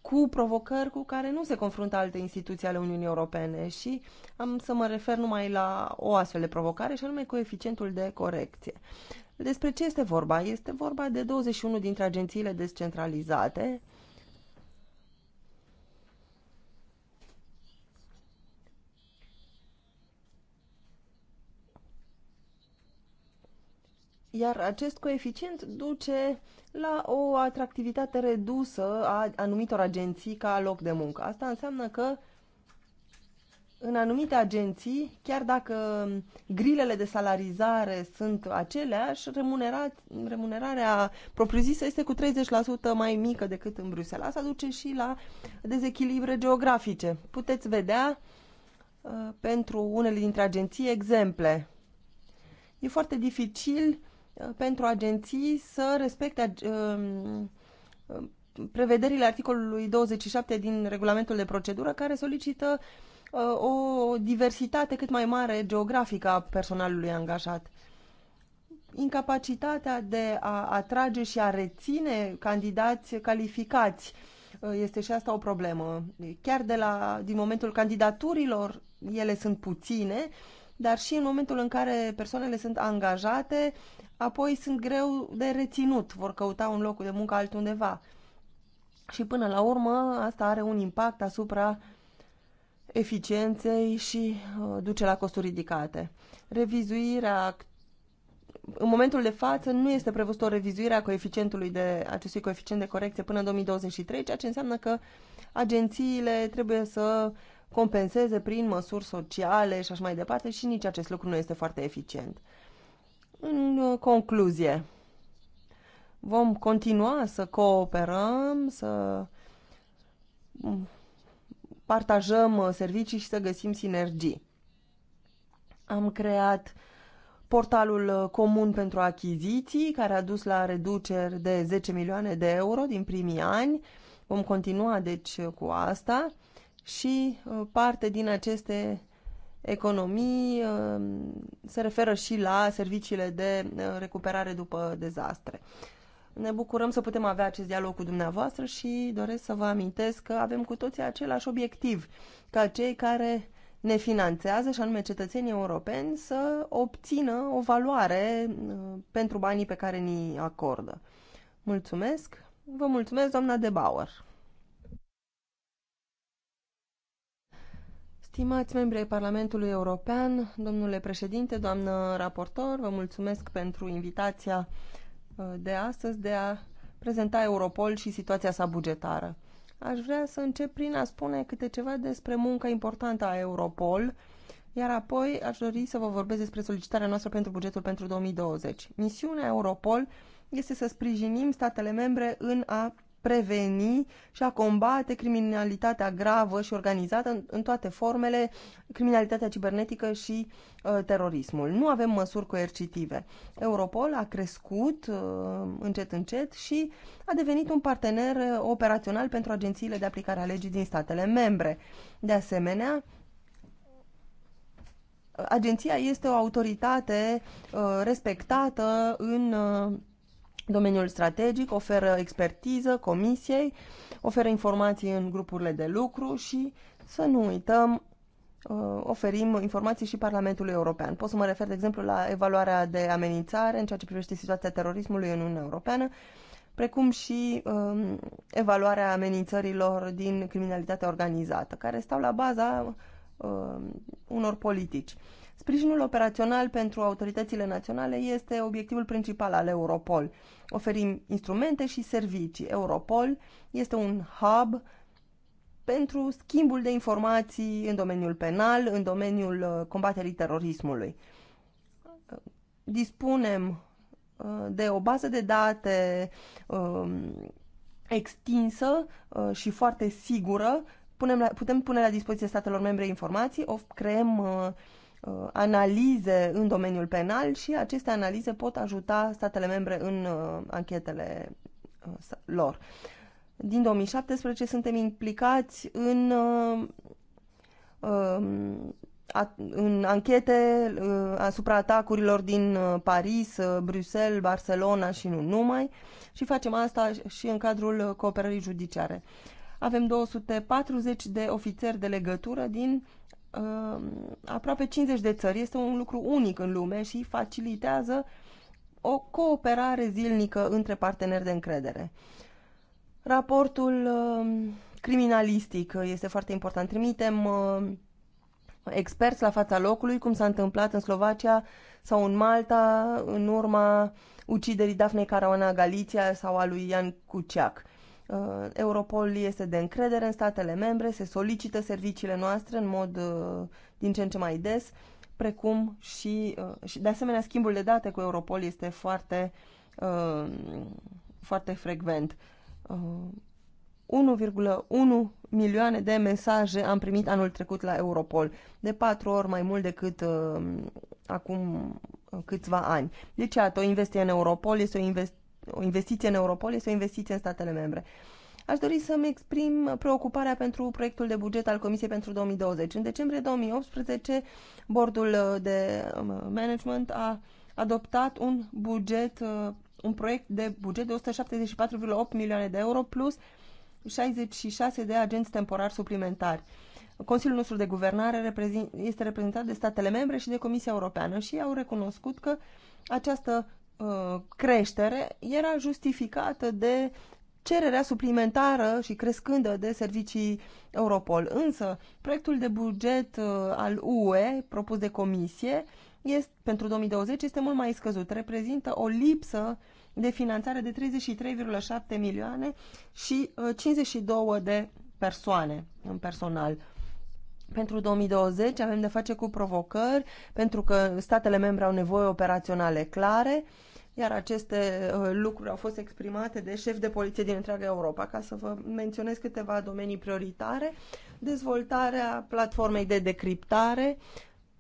cu provocări cu care nu se confruntă alte instituții ale Uniunii Europene și am să mă refer numai la o astfel de provocare și anume coeficientul de corecție. Despre ce este vorba? Este vorba de 21 dintre agențiile descentralizate iar acest coeficient duce la o atractivitate redusă a anumitor agenții ca loc de muncă. Asta înseamnă că în anumite agenții, chiar dacă grilele de salarizare sunt aceleași, remunerarea propriu-zisă este cu 30% mai mică decât în Bruxelles. Asta duce și la dezechilibre geografice. Puteți vedea uh, pentru unele dintre agenții exemple. E foarte dificil Uh, pentru agenții să respecte uh, uh, prevederile articolului 27 din regulamentul de procedură care solicită o diversitate cât mai mare geografică a personalului angajat. Incapacitatea de a atrage și a reține candidați calificați este și asta o problemă. Chiar de la, din momentul candidaturilor, ele sunt puține, dar și în momentul în care persoanele sunt angajate, apoi sunt greu de reținut, vor căuta un loc de muncă altundeva. Și până la urmă, asta are un impact asupra eficienței și uh, duce la costuri ridicate. Revizuirea în momentul de față nu este prevăzută o revizuire a coeficientului de, acestui coeficient de corecție până în 2023, ceea ce înseamnă că agențiile trebuie să compenseze prin măsuri sociale și așa mai departe și nici acest lucru nu este foarte eficient. În uh, concluzie, vom continua să cooperăm, să mm, partajăm uh, servicii și să găsim sinergii. Am creat portalul uh, comun pentru achiziții, care a dus la reduceri de 10 milioane de euro din primii ani. Vom continua, deci, cu asta și parte din aceste economii um, se referă și la serviciile de uh, recuperare după dezastre. Ne bucurăm să putem avea acest dialog cu dumneavoastră și doresc să vă amintesc că avem cu toții același obiectiv ca cei care ne finanțează, și anume cetățenii europeni, să obțină o valoare uh, pentru banii pe care ni acordă. Mulțumesc! Vă mulțumesc, doamna De Bauer! Stimați membri ai Parlamentului European, domnule președinte, doamnă raportor, vă mulțumesc pentru invitația uh, de astăzi de a prezenta Europol și situația sa bugetară. Aș vrea să încep prin a spune câte ceva despre munca importantă a Europol, iar apoi aș dori să vă vorbesc despre solicitarea noastră pentru bugetul pentru 2020. Misiunea Europol este să sprijinim statele membre în a preveni și a combate criminalitatea gravă și organizată în, în toate formele, criminalitatea cibernetică și uh, terorismul. Nu avem măsuri coercitive. Europol a crescut uh, încet încet și a devenit un partener uh, operațional pentru agențiile de aplicare a legii din statele membre. De asemenea, agenția este o autoritate uh, respectată în uh, Domeniul strategic oferă expertiză comisiei, oferă informații în grupurile de lucru și, să nu uităm, uh, oferim informații și Parlamentului European. Pot să mă refer, de exemplu, la evaluarea de amenințare în ceea ce privește situația terorismului în Uniunea Europeană, precum și um, evaluarea amenințărilor din criminalitatea organizată, care stau la baza um, unor politici. Sprijinul operațional pentru autoritățile naționale este obiectivul principal al Europol Oferim instrumente și servicii. Europol este un hub pentru schimbul de informații în domeniul penal, în domeniul uh, combaterii terorismului. Dispunem uh, de o bază de date um, extinsă uh, și foarte sigură. putem pune la dispoziție statelor membre informații, o creăm Uh, analize în domeniul penal și aceste analize pot ajuta statele membre în uh, anchetele uh, lor. Din 2017 suntem implicați în, um, în anchete asupra atacurilor din Paris, Bruxelles, Barcelona și nu numai și facem asta și în cadrul cooperării judiciare. Avem 240 de ofițeri de legătură din Um, aproape 50 de țări. Este un lucru unic în lume și facilitează o cooperare zilnică între parteneri de încredere. Raportul um, criminalistic este foarte important. Trimitem um, experți la fața locului, cum s-a întâmplat în Slovacia sau în Malta, în urma uciderii Dafnei Caruana Galiția sau a lui Ian Cuciac. Uh, Europol este de încredere în statele membre, se solicită serviciile noastre în mod uh, din ce în ce mai des, precum și, uh, și de asemenea schimbul de date cu Europol este foarte, foarte frecvent. 1,1 milioane de mesaje am primit anul trecut la Europol, de patru ori mai mult decât uh, acum câțiva ani. Deci, iată, o investie în Europol este o, invest- o investiție în Europol este o investiție în statele membre. Aș dori să-mi exprim preocuparea pentru proiectul de buget al Comisiei pentru 2020. În decembrie 2018, bordul uh, de um, management a adoptat un buget, uh, un proiect de buget de 174,8 milioane de euro plus 66 de agenți temporari suplimentari. Consiliul nostru de guvernare este reprezentat de statele membre și de Comisia Europeană și au recunoscut că această Uh, creștere era justificată de cererea suplimentară și crescândă de servicii Europol. Însă, proiectul de buget uh, al UE propus de comisie este, pentru 2020 este mult mai scăzut. Reprezintă o lipsă de finanțare de 33,7 milioane și 52 uh, de persoane în personal. Pentru 2020 avem de face cu provocări, pentru că statele membre au nevoie operaționale clare, uh, iar aceste uh, lucruri au fost exprimate de șefi de poliție din întreaga Europa. Ca să vă menționez câteva domenii prioritare, dezvoltarea platformei de decriptare,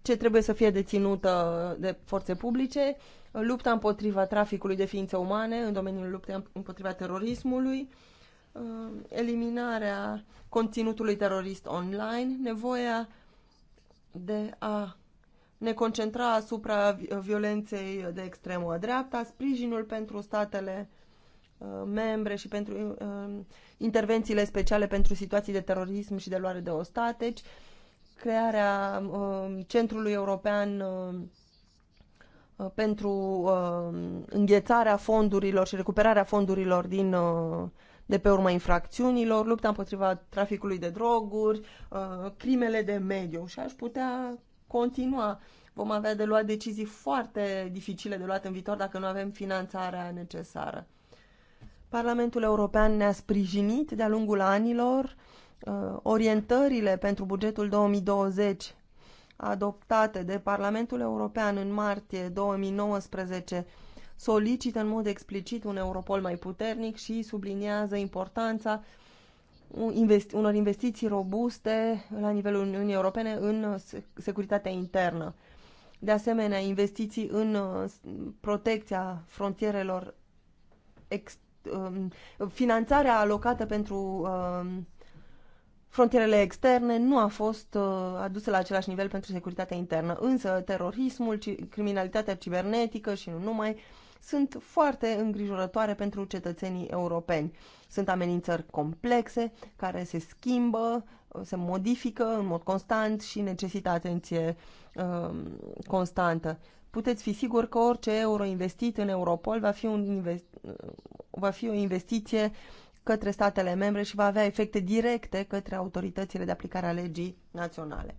ce trebuie să fie deținută de forțe publice, lupta împotriva traficului de ființe umane în domeniul luptei împotriva terorismului, uh, eliminarea conținutului terorist online, nevoia de a ne concentra asupra violenței de extremă dreapta, sprijinul pentru statele uh, membre și pentru uh, intervențiile speciale pentru situații de terorism și de luare de ostateci, crearea uh, Centrului European pentru înghețarea fondurilor și recuperarea fondurilor din de pe urma infracțiunilor, lupta împotriva traficului de droguri, crimele de mediu și aș putea continua. Vom avea de luat decizii foarte dificile de luat în viitor dacă nu avem finanțarea necesară. Parlamentul European ne-a sprijinit de-a lungul anilor uh, orientările pentru bugetul 2020 adoptate de Parlamentul European în martie 2019 solicită în mod explicit un Europol mai puternic și subliniază importanța uh, investi- unor investiții robuste la nivelul Uniunii Europene în uh, securitatea internă. De asemenea, investiții în uh, protecția frontierelor, ex- um, finanțarea alocată pentru um, frontierele externe nu a fost uh, adusă la același nivel pentru securitatea internă. Însă, terorismul, criminalitatea cibernetică și nu numai, sunt foarte îngrijorătoare pentru cetățenii europeni. Sunt amenințări complexe care se schimbă, se modifică în mod constant și necesită atenție um, constantă. Puteți fi sigur că orice euro investit în Europol va fi, un invest... va fi o investiție către statele membre și va avea efecte directe către autoritățile de aplicare a legii naționale.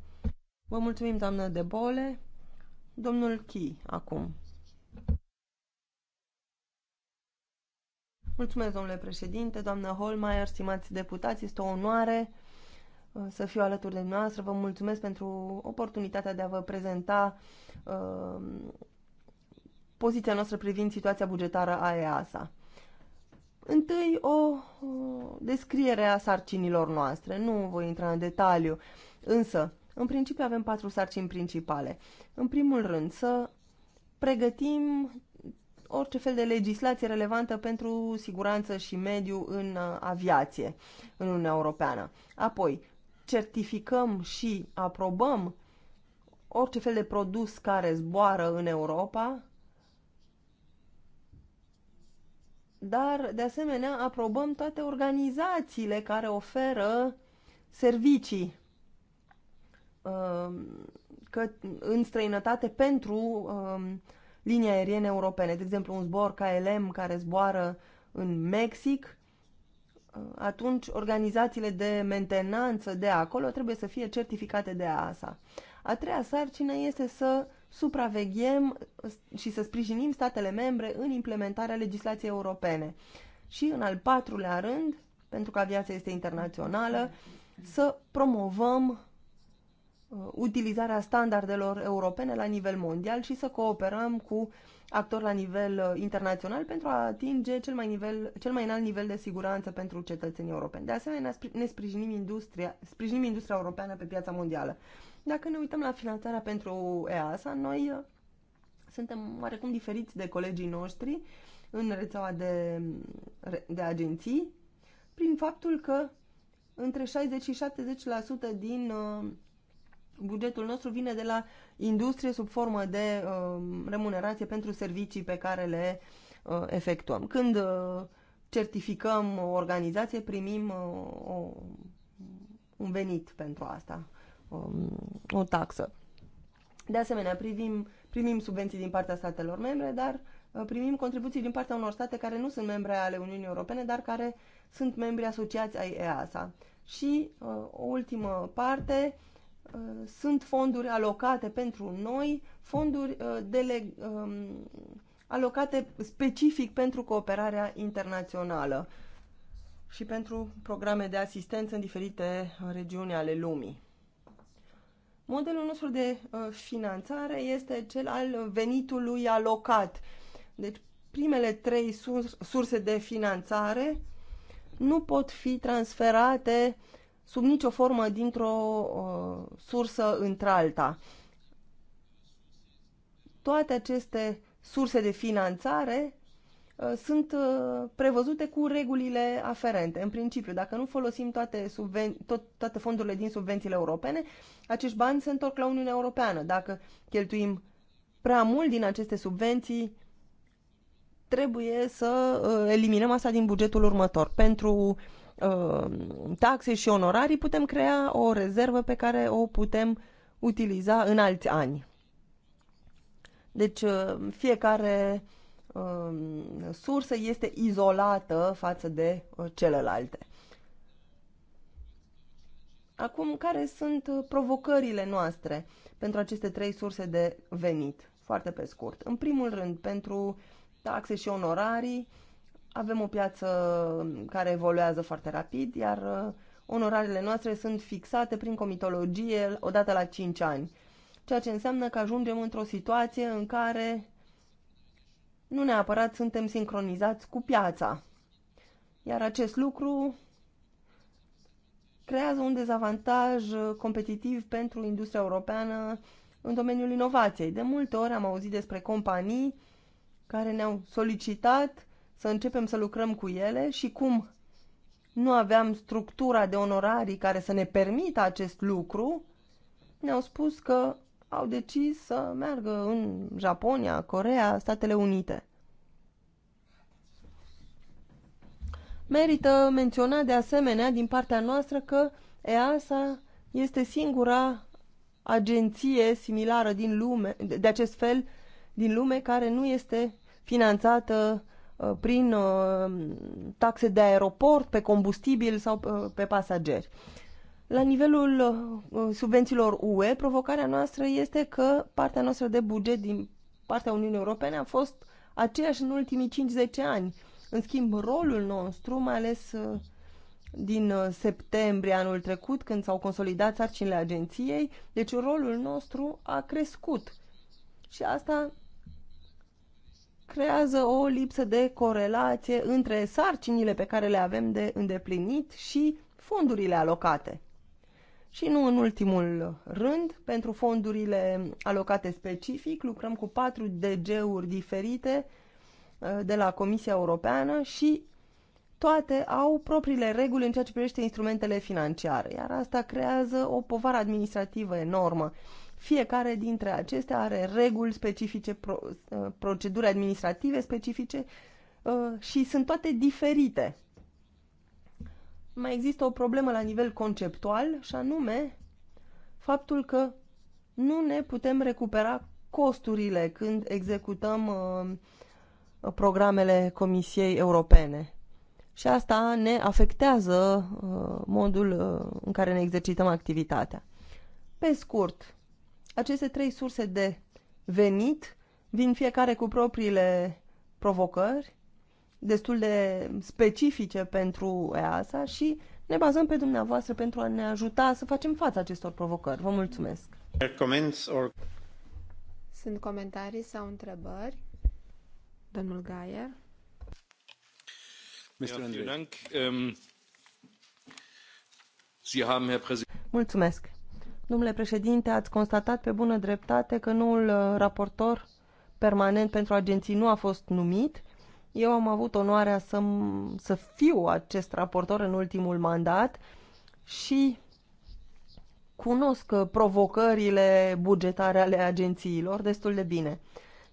Vă mulțumim, doamnă de Bole. Domnul Chi, acum. Mulțumesc, domnule președinte, doamnă Holmeier, stimați deputați, este o onoare uh, să fiu alături de noastră. Vă mulțumesc pentru oportunitatea de a vă prezenta uh, poziția noastră privind situația bugetară a EASA. Întâi, o descriere a sarcinilor noastre. Nu voi intra în detaliu, însă, în principiu avem patru sarcini principale. În primul rând, să pregătim orice fel de legislație relevantă pentru siguranță și mediu în uh, aviație în Uniunea Europeană. Apoi, certificăm și aprobăm orice fel de produs care zboară în Europa, dar, de asemenea, aprobăm toate organizațiile care oferă servicii uh, că, în străinătate pentru um, linii aeriene europene. De exemplu, un zbor KLM care zboară în Mexic, uh, atunci organizațiile de mentenanță de acolo trebuie să fie certificate de ASA. A treia sarcină este să supraveghem și să sprijinim statele membre în implementarea legislației europene. Și în al patrulea rând, pentru că aviația este internațională, să promovăm Uh, utilizarea standardelor europene la nivel mondial și să cooperăm cu actori la nivel uh, internațional pentru a atinge cel mai, nivel, cel mai înalt nivel de siguranță pentru cetățenii europeni. De asemenea, ne sprijinim industria, sprijinim industria europeană pe piața mondială. Dacă ne uităm la finanțarea pentru EASA, noi uh, suntem oarecum diferiți de colegii noștri în rețeaua de, de agenții prin faptul că între 60 și 70% din bugetul nostru vine de la industrie sub formă de uh, remunerație pentru servicii pe care le uh, efectuăm. Când uh, certificăm o organizație, primim uh, o, un venit pentru asta, um, o taxă. De asemenea, privim, primim subvenții din partea statelor membre, dar uh, primim contribuții din partea unor state care nu sunt membre ale Uniunii Europene, dar care sunt membri asociați ai EASA. Și uh, o ultimă parte, Uh, sunt fonduri alocate pentru noi, fonduri uh, dele, um, alocate specific pentru cooperarea internațională și pentru programe de asistență în diferite uh, regiuni ale lumii. Modelul nostru de finanțare este cel al venitului alocat. Deci primele trei surse de finanțare nu pot fi transferate uh, sub nicio formă dintr-o uh, sursă într-alta. Toate aceste surse de finanțare uh, sunt uh, prevăzute cu regulile aferente. În principiu, dacă nu folosim toate, tot, toate fondurile din subvențiile europene, acești bani se întorc la Uniunea Europeană. Dacă cheltuim prea mult din aceste subvenții, trebuie să uh, eliminăm asta din bugetul următor. Pentru uh, Uh, taxe și onorarii, putem crea o rezervă pe care o putem utiliza în alți ani. Deci uh, fiecare uh, sursă este izolată față de celelalte. Acum, care sunt provocările noastre pentru aceste trei surse de venit? Foarte pe scurt. În primul rând, pentru taxe și onorarii, avem o piață mm, care evoluează foarte rapid, iar uh, onorarele noastre sunt fixate prin comitologie odată la 5 ani, ceea ce înseamnă că ajungem într-o situație în care nu neapărat suntem sincronizați cu piața. Iar acest lucru creează un dezavantaj uh, competitiv pentru industria europeană în domeniul inovației. De multe ori am auzit despre companii care ne-au solicitat să începem să lucrăm cu ele și cum nu aveam structura de onorarii care să ne permită acest lucru, ne-au spus că au decis să meargă în Japonia, Corea, Statele Unite. Merită menționat de asemenea din partea noastră că EASA este singura agenție similară din lume, de acest fel din lume care nu este finanțată Uh, prin uh, taxe de aeroport, pe combustibil sau uh, pe pasageri. La nivelul subvențiilor UE, provocarea noastră este că partea noastră de buget din partea Uniunii Europene a fost aceeași în ultimii 5-10 ani. În schimb, rolul nostru, mai ales din septembrie anul trecut, când s-au consolidat sarcinile agenției, deci rolul nostru a crescut. Și asta creează o lipsă de corelație între sarcinile pe care le avem de îndeplinit și fondurile alocate. Și nu în ultimul rând, pentru fondurile alocate specific, lucrăm cu patru DG-uri diferite uh, de la Comisia Europeană și toate au propriile reguli în ceea ce privește instrumentele financiare, iar asta creează o povară administrativă enormă fiecare dintre acestea are reguli specifice, pro, uh, proceduri administrative specifice uh, și sunt toate diferite. Mai există o problemă la nivel conceptual și anume faptul că nu ne putem recupera costurile când executăm uh, programele Comisiei Europene. Și asta ne afectează modul în care ne exercităm activitatea. Pe scurt, aceste trei surse de venit vin fiecare cu propriile provocări, destul de specifice pentru EASA și ne bazăm pe dumneavoastră pentru a ne ajuta să facem față acestor provocări. Vă mulțumesc! Sunt comentarii sau întrebări? Domnul Gaier. Ähm, mulțumesc. Domnule președinte, ați constatat pe bună dreptate că noul uh, raportor permanent pentru agenții nu a fost numit. Eu am avut onoarea să, să fiu acest raportor în ultimul mandat și cunosc uh, provocările bugetare ale agențiilor destul de bine.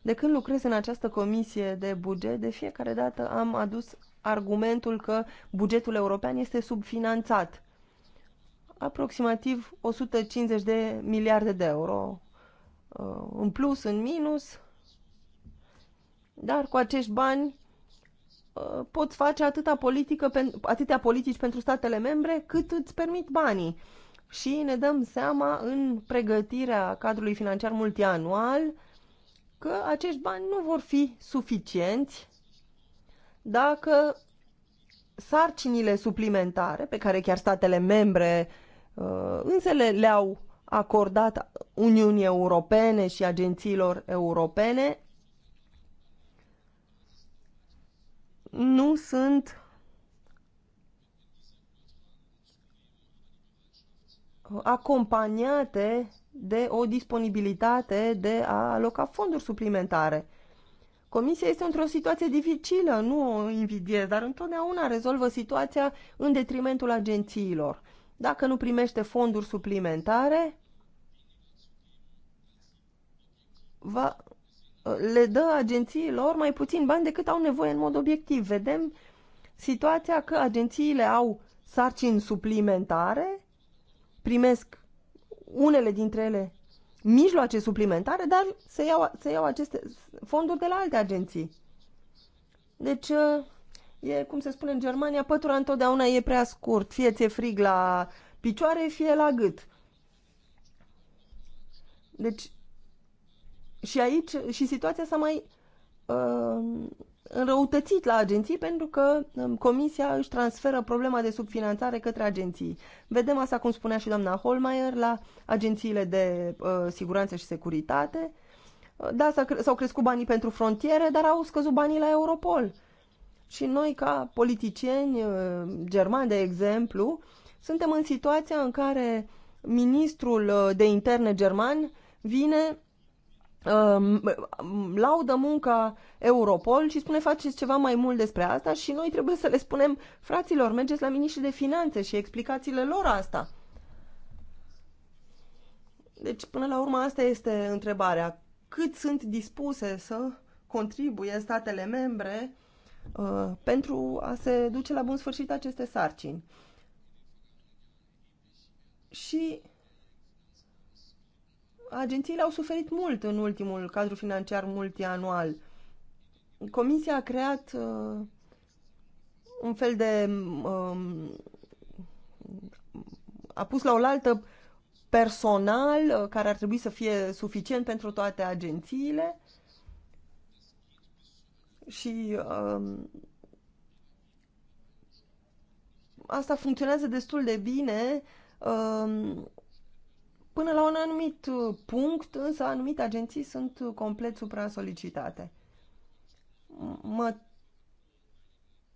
De când lucrez în această comisie de buget, de fiecare dată am adus argumentul că bugetul european este subfinanțat aproximativ 150 de miliarde de euro uh, în plus, în minus, dar cu acești bani uh, poți face atâta politică, atâtea politici pentru statele membre cât îți permit banii. Și ne dăm seama în pregătirea cadrului financiar multianual că acești bani nu vor fi suficienți dacă sarcinile suplimentare pe care chiar statele membre Uh, însele le-au acordat Uniunii Europene și agențiilor europene nu sunt acompaniate de o disponibilitate de a aloca fonduri suplimentare. Comisia este într-o situație dificilă, nu o invidiez, dar întotdeauna rezolvă situația în detrimentul agențiilor. Dacă nu primește fonduri suplimentare, va, le dă agențiilor mai puțin bani decât au nevoie în mod obiectiv. Vedem situația că agențiile au sarcini suplimentare, primesc unele dintre ele mijloace suplimentare, dar se iau, se iau aceste fonduri de la alte agenții. Deci E, cum se spune în Germania, pătura întotdeauna e prea scurt. Fie ți-e frig la picioare, fie la gât. Deci, și aici, și situația s-a mai uh, înrăutățit la agenții pentru că um, comisia își transferă problema de subfinanțare către agenții. Vedem asta, cum spunea și doamna Holmeier, la agențiile de uh, siguranță și securitate. Uh, da, s-au crescut banii pentru frontiere, dar au scăzut banii la Europol. Uh, și noi, ca politicieni uh, germani, de exemplu, suntem în situația în care ministrul uh, de interne german vine, um, laudă munca Europol și spune faceți ceva mai mult despre asta și noi trebuie să le spunem fraților, mergeți la miniștri de finanțe și explicațiile lor asta. Deci, până la urmă, asta este întrebarea. Cât sunt dispuse să contribuie statele membre Uh, pentru a se duce la bun sfârșit aceste sarcini. Și agențiile au suferit mult în ultimul cadru financiar multianual. Comisia a creat uh, un fel de. Uh, a pus la oaltă personal uh, care ar trebui să fie suficient pentru toate agențiile și um, asta funcționează destul de bine um, până la un anumit punct, însă anumite agenții sunt complet supra-solicitate. Mă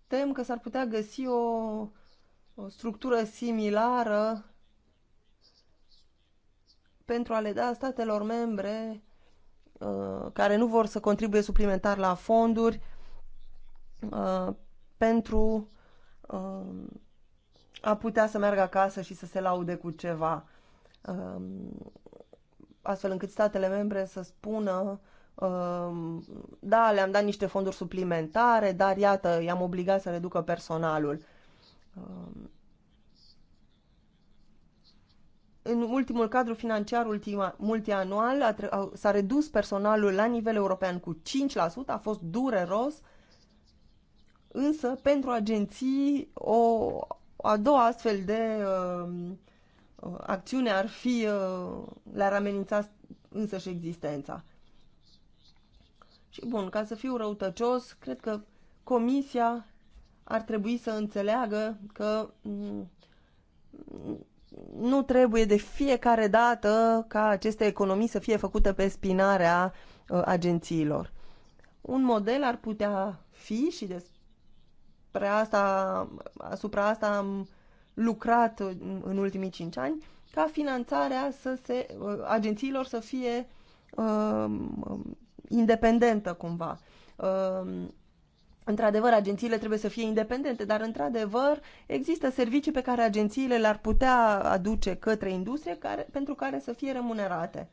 tem că s-ar putea găsi o, o structură similară pentru a le da statelor membre Uh, care nu vor să contribuie suplimentar la fonduri uh, pentru uh, a putea să meargă acasă și să se laude cu ceva, um, astfel încât statele membre să spună um, da, le-am dat niște fonduri suplimentare, dar iată, i-am obligat să reducă personalul. Um, în ultimul cadru financiar ultima, multianual s-a redus personalul la nivel european cu 5%, a fost dureros, însă pentru agenții o a doua astfel de uh, acțiune ar fi, uh, le-ar amenința și existența. Și bun, ca să fiu răutăcios, cred că comisia ar trebui să înțeleagă că mm, nu trebuie de fiecare dată ca aceste economii să fie făcute pe spinarea uh, agențiilor. Un model ar putea fi și despre asta, asupra asta am lucrat în ultimii cinci ani, ca finanțarea să se, uh, agențiilor să fie uh, independentă cumva. Uh, Într-adevăr, agențiile trebuie să fie independente, dar într-adevăr există servicii pe care agențiile le-ar putea aduce către industrie care, pentru care să fie remunerate.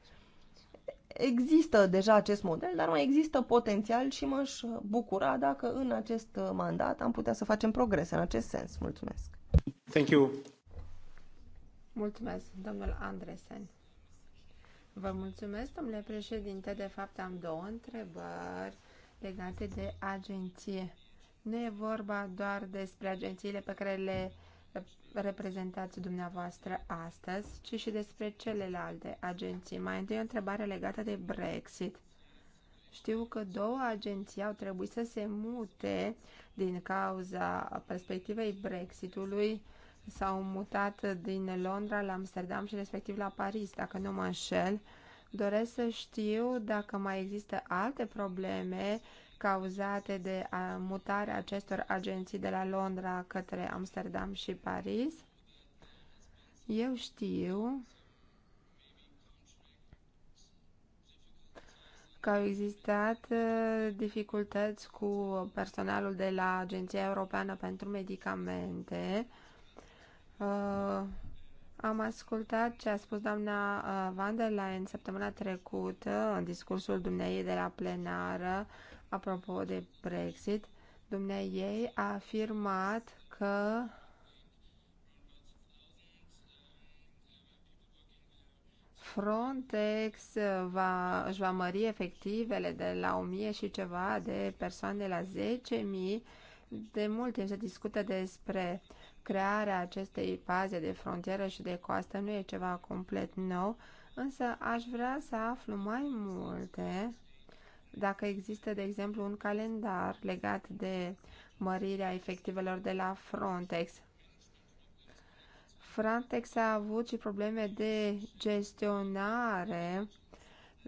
Există deja acest model, dar mai există potențial și m-aș bucura dacă în acest mandat am putea să facem progrese în acest sens. Mulțumesc! Thank you! Mulțumesc, domnul Andresen. Vă mulțumesc, domnule președinte. De fapt, am două întrebări legate de agenție. Nu e vorba doar despre agențiile pe care le reprezentați dumneavoastră astăzi, ci și despre celelalte agenții. Mai întâi o întrebare legată de Brexit. Știu că două agenții au trebuit să se mute din cauza perspectivei Brexitului. S-au mutat din Londra la Amsterdam și respectiv la Paris, dacă nu mă înșel. Doresc să știu dacă mai există alte probleme cauzate de mutarea acestor agenții de la Londra către Amsterdam și Paris. Eu știu că au existat ă, dificultăți cu personalul de la Agenția Europeană pentru Medicamente ă, am ascultat ce a spus doamna uh, Van der Leyen săptămâna trecută în discursul dumneiei de la plenară apropo de Brexit. Dumneiei a afirmat că Frontex va, își va mări efectivele de la 1000 și ceva de persoane la 10.000. De mult timp se discută despre uh, Crearea acestei paze de frontieră și de coastă nu e ceva complet nou, însă aș vrea să aflu mai multe dacă există, de exemplu, un calendar legat de mărirea efectivelor de la Frontex. Frontex a avut și probleme de gestionare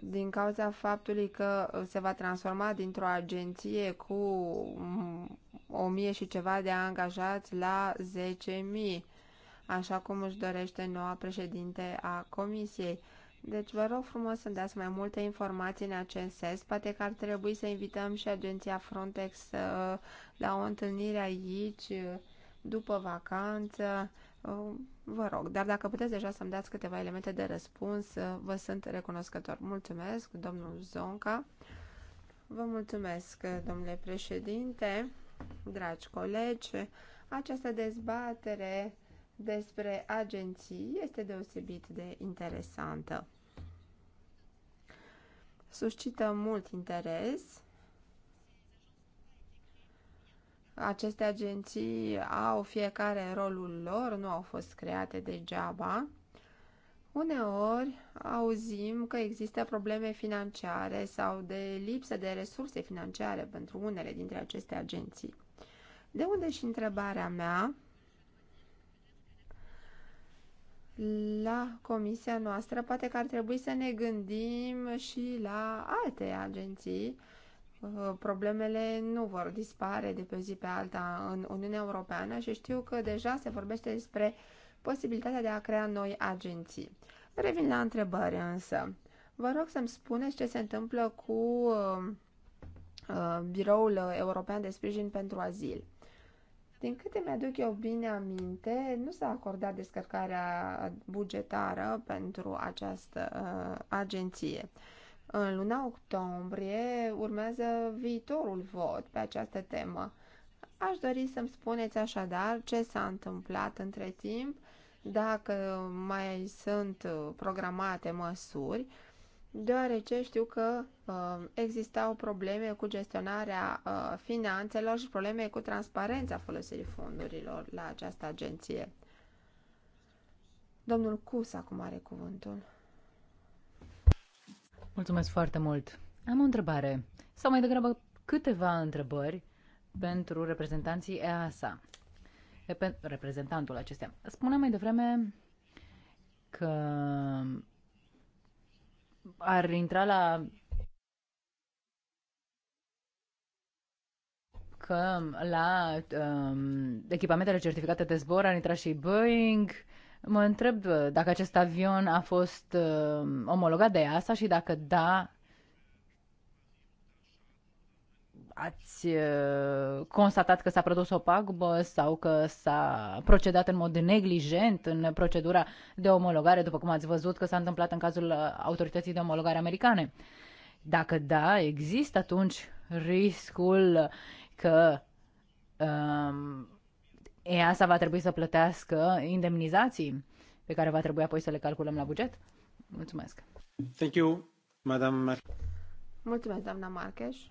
din cauza faptului că uh, se va transforma dintr-o agenție cu mm, o mie și ceva de angajați la 10.000, așa cum își dorește noua președinte a comisiei. Deci vă rog frumos să-mi dați mai multe informații în acest sens. Poate că ar trebui să invităm și agenția Frontex uh, la o întâlnire aici uh, după vacanță, uh, vă rog. Dar dacă puteți deja să-mi dați câteva elemente de răspuns, uh, vă sunt recunoscător. Mulțumesc, domnul Zonca. Vă mulțumesc, domnule președinte, dragi colegi. Această dezbatere despre agenții este deosebit de interesantă. Suscită mult interes Aceste agenții au fiecare rolul lor, nu au fost create degeaba. Uneori auzim că există probleme financiare sau de lipsă de resurse financiare pentru unele dintre aceste agenții. De unde și întrebarea mea la comisia noastră, poate că ar trebui să ne gândim și la alte agenții Uh, problemele nu vor dispare de pe zi pe alta în Uniunea Europeană și știu că deja se vorbește despre posibilitatea de a crea noi agenții. Revin la întrebări însă. Vă rog să-mi spuneți ce se întâmplă cu uh, uh, Biroul European de Sprijin pentru Azil. Din câte mi-aduc eu bine aminte, nu s-a acordat descărcarea bugetară pentru această uh, agenție. Uh, în luna octombrie urmează viitorul vot pe această temă. Aș dori să-mi spuneți așadar ce s-a întâmplat între timp, dacă mai sunt uh, programate măsuri, deoarece știu că uh, existau probleme cu gestionarea uh, finanțelor și probleme cu transparența folosirii fondurilor la această agenție. Domnul Cus acum are cuvântul. Mulțumesc foarte mult. Am o întrebare, sau mai degrabă câteva întrebări pentru reprezentanții EASA. Rep- reprezentantul acestea. Spuneam mai devreme că ar intra la că la um, echipamentele certificate de zbor ar intra și Boeing, Mă întreb dacă acest avion a fost uh, omologat de EASA și dacă da, ați uh, constatat că s-a produs o pagubă sau că s-a procedat în mod neglijent în procedura de omologare, după cum ați văzut că s-a întâmplat în cazul uh, autorității de omologare americane. Dacă da, există atunci riscul că um, EASA va trebui să plătească indemnizații pe care va trebui apoi să le calculăm la buget? Mulțumesc. Thank you, Madam Mar- Mulțumesc, doamna Marcheș.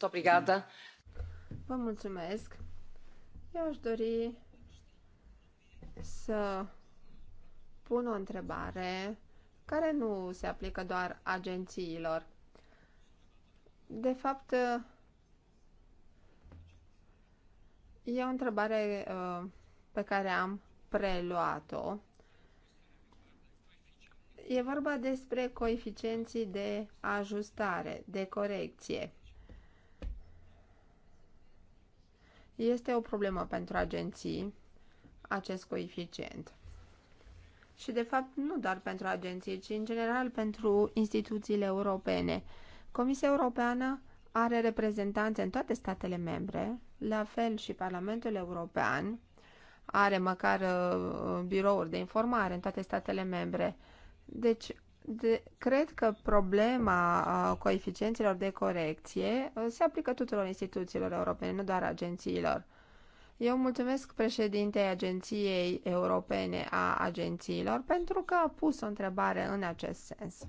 Obrigada. Vă mulțumesc. Eu aș dori să pun o întrebare care nu se aplică doar agențiilor. De fapt, E o întrebare uh, pe care am preluat-o. E vorba despre coeficienții de ajustare, de corecție. Este o problemă pentru agenții acest coeficient. Și, de fapt, nu doar pentru agenții, ci în general pentru instituțiile europene. Comisia Europeană are reprezentanțe în toate statele membre, la fel și Parlamentul European are măcar uh, birouri de informare în toate statele membre. Deci, de, cred că problema uh, coeficienților de corecție uh, se aplică tuturor instituțiilor europene, nu doar agențiilor. Eu mulțumesc președintei Agenției Europene a Agențiilor pentru că a pus o întrebare în acest sens.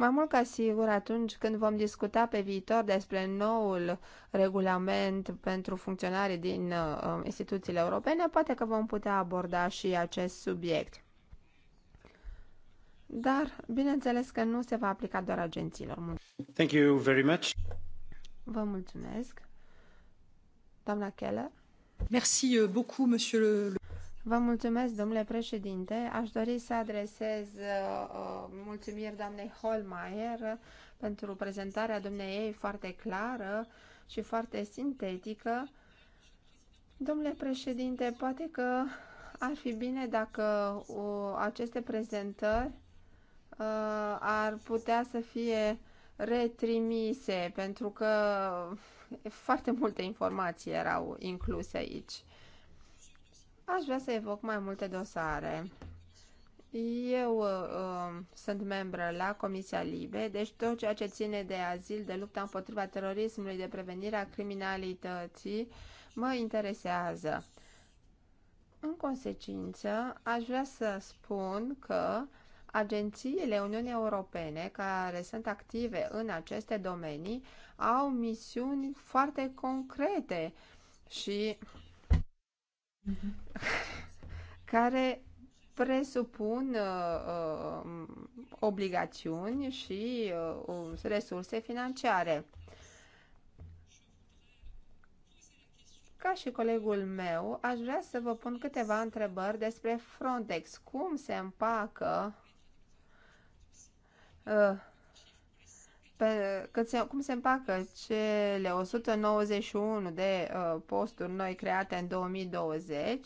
Mai mult ca sigur, atunci când vom discuta pe viitor despre noul regulament pentru funcționarii din uh, instituțiile europene, poate că vom putea aborda și acest subiect. Dar, bineînțeles că nu se va aplica doar agențiilor. Thank you very much. Vă mulțumesc. Doamna Keller. Merci euh, beaucoup, monsieur le... Vă mulțumesc, domnule președinte. Aș dori să adresez uh, uh mulțumiri doamnei Holmeier pentru prezentarea domnei ei foarte clară și foarte sintetică. Domnule președinte, poate că ar fi bine dacă uh, aceste prezentări uh, ar putea să fie retrimise, pentru că foarte multe informații erau incluse aici. Aș vrea să evoc mai multe dosare. Eu uh, um, sunt membră la Comisia Libe, deci tot ceea ce ține de azil, de lupta împotriva terorismului, de prevenirea criminalității, mă interesează. În consecință, aș vrea să spun că agențiile Uniunii Europene care sunt active în aceste domenii au misiuni foarte concrete și Mhm. care presupun uh, uh, obligațiuni și uh, um, resurse financiare. Ca și colegul meu, aș vrea să vă pun câteva întrebări despre Frontex. Cum se împacă uh, pe cât se, cum se împacă cele 191 de uh, posturi noi create în 2020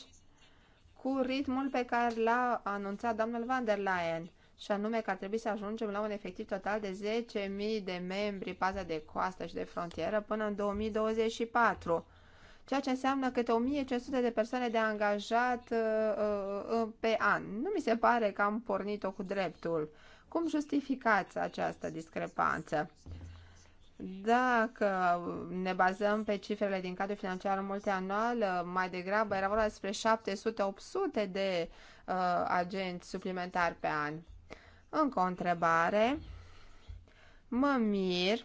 cu ritmul pe care l-a anunțat domnul van der Leyen, și anume că ar trebui să ajungem la un efectiv total de 10.000 de membri paza de coastă și de frontieră până în 2024, ceea ce înseamnă câte 1.500 de persoane de angajat uh, uh, pe an. Nu mi se pare că am pornit-o cu dreptul. Uh, cum justificați această discrepanță? Dacă ne bazăm pe cifrele din cadrul financiar multianual, mai degrabă era vorba despre 700-800 de uh, agenți suplimentari pe an. Încă o întrebare. Mă mir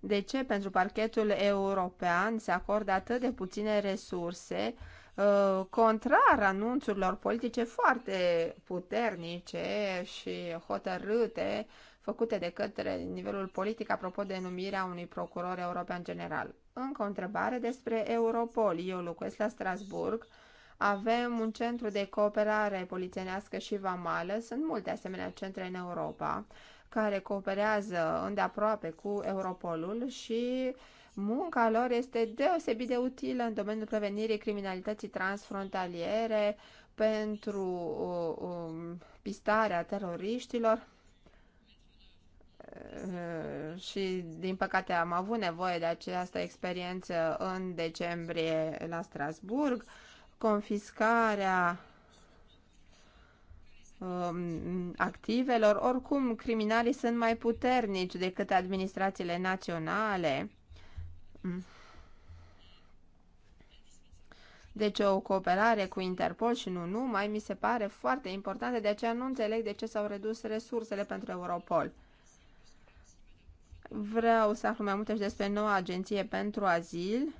de ce pentru parchetul european se acordă atât de puține resurse uh, Uh, contrar anunțurilor politice foarte puternice și hotărâte făcute de către nivelul politic apropo de numirea unui procuror european general. Încă o întrebare despre Europol. Eu locuiesc la Strasburg. Avem un centru de cooperare polițienească și vamală. Sunt multe asemenea centre în Europa care cooperează îndeaproape cu Europolul și uh, Munca lor este deosebit de utilă în domeniul prevenirii criminalității transfrontaliere, pentru uh, um, pistarea teroriștilor uh, și din păcate am avut nevoie de această experiență în decembrie la Strasburg, confiscarea um, activelor, oricum criminalii sunt mai puternici decât administrațiile naționale deci o cooperare cu Interpol și nu numai mi se pare foarte importantă, de aceea nu înțeleg de ce s-au redus resursele pentru Europol. Vreau să aflu mai multe și despre noua agenție pentru azil.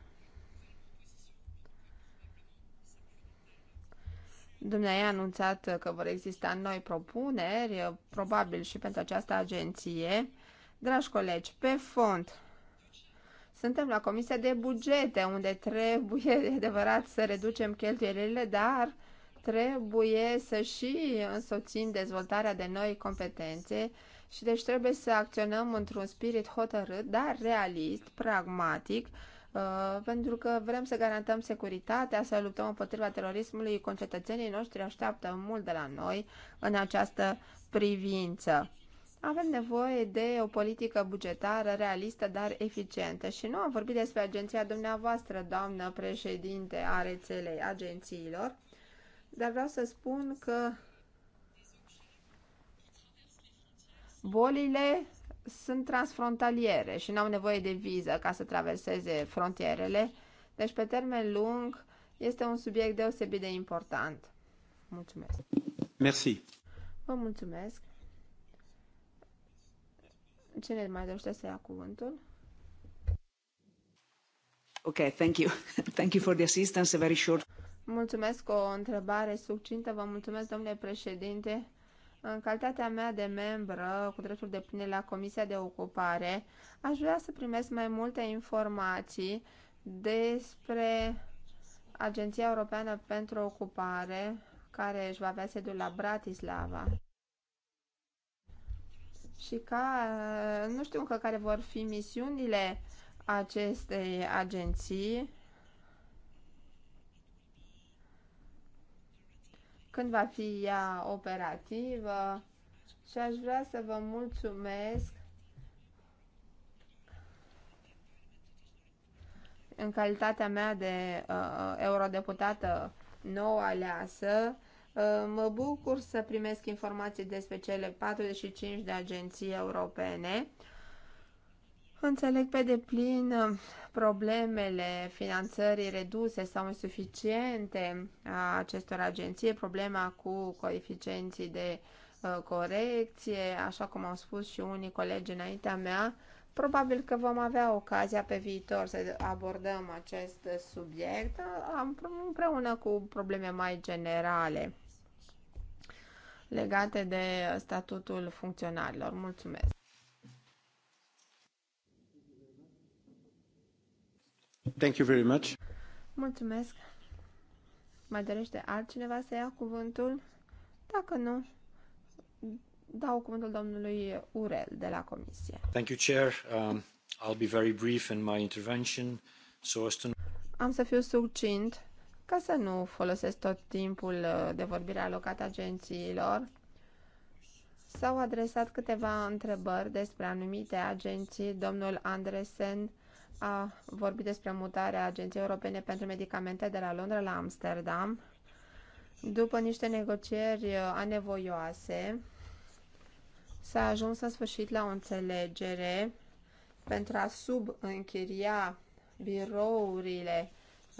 Dumnezeu a anunțat că vor exista noi propuneri, probabil și pentru această agenție. Dragi colegi, pe fond, suntem la Comisia de Bugete, unde trebuie, de adevărat, să reducem cheltuielile, dar trebuie să și însoțim dezvoltarea de noi competențe și deci trebuie să acționăm într-un spirit hotărât, dar realist, pragmatic, uh, pentru că vrem să garantăm securitatea, să luptăm împotriva terorismului, concetățenii noștri așteaptă mult de la noi în această privință. Avem nevoie de o politică bugetară realistă, dar eficientă. Și nu am vorbit despre agenția dumneavoastră, doamnă președinte a rețelei agențiilor, dar vreau să spun că bolile sunt transfrontaliere și nu au nevoie de viză ca să traverseze frontierele, deci pe termen lung este un subiect deosebit de important. Mulțumesc! Merci! Vă mulțumesc! Cine mai dorește să ia cuvântul? Ok, thank you. <laughs> Thank you for the assistance, very short. Mulțumesc o întrebare succintă. Vă mulțumesc, domnule președinte. În calitatea mea de membră cu dreptul de pline la Comisia de Ocupare, aș vrea să primesc mai multe informații despre Agenția Europeană pentru Ocupare, care își va avea sediul la Bratislava și ca, uh, nu știu încă care vor fi misiunile acestei agenții, când va fi ea operativă și aș vrea să vă mulțumesc în calitatea mea de uh, eurodeputată nou aleasă Uh, mă bucur să primesc informații despre cele 45 de agenții europene. Înțeleg pe deplin uh, problemele finanțării reduse sau insuficiente a acestor agenții, problema cu coeficienții de uh, corecție, așa cum au spus și unii colegi înaintea mea, probabil că vom avea ocazia pe viitor să abordăm acest subiect împreună cu probleme mai generale legate de statutul funcționarilor. Mulțumesc! Thank you very much. Mulțumesc! Mai dorește altcineva să ia cuvântul? Dacă nu, dau cuvântul domnului Urel de la Comisie. Thank you, Chair. Um, I'll be very brief in my intervention, so as to... Am să fiu succint ca să nu folosesc tot timpul uh, de vorbire alocat agențiilor, s-au adresat câteva întrebări despre anumite agenții. Domnul Andresen a vorbit despre mutarea Agenției Europene pentru Medicamente de la Londra la Amsterdam. După niște negocieri uh, anevoioase, s-a ajuns în sfârșit la o înțelegere pentru a subînchiria birourile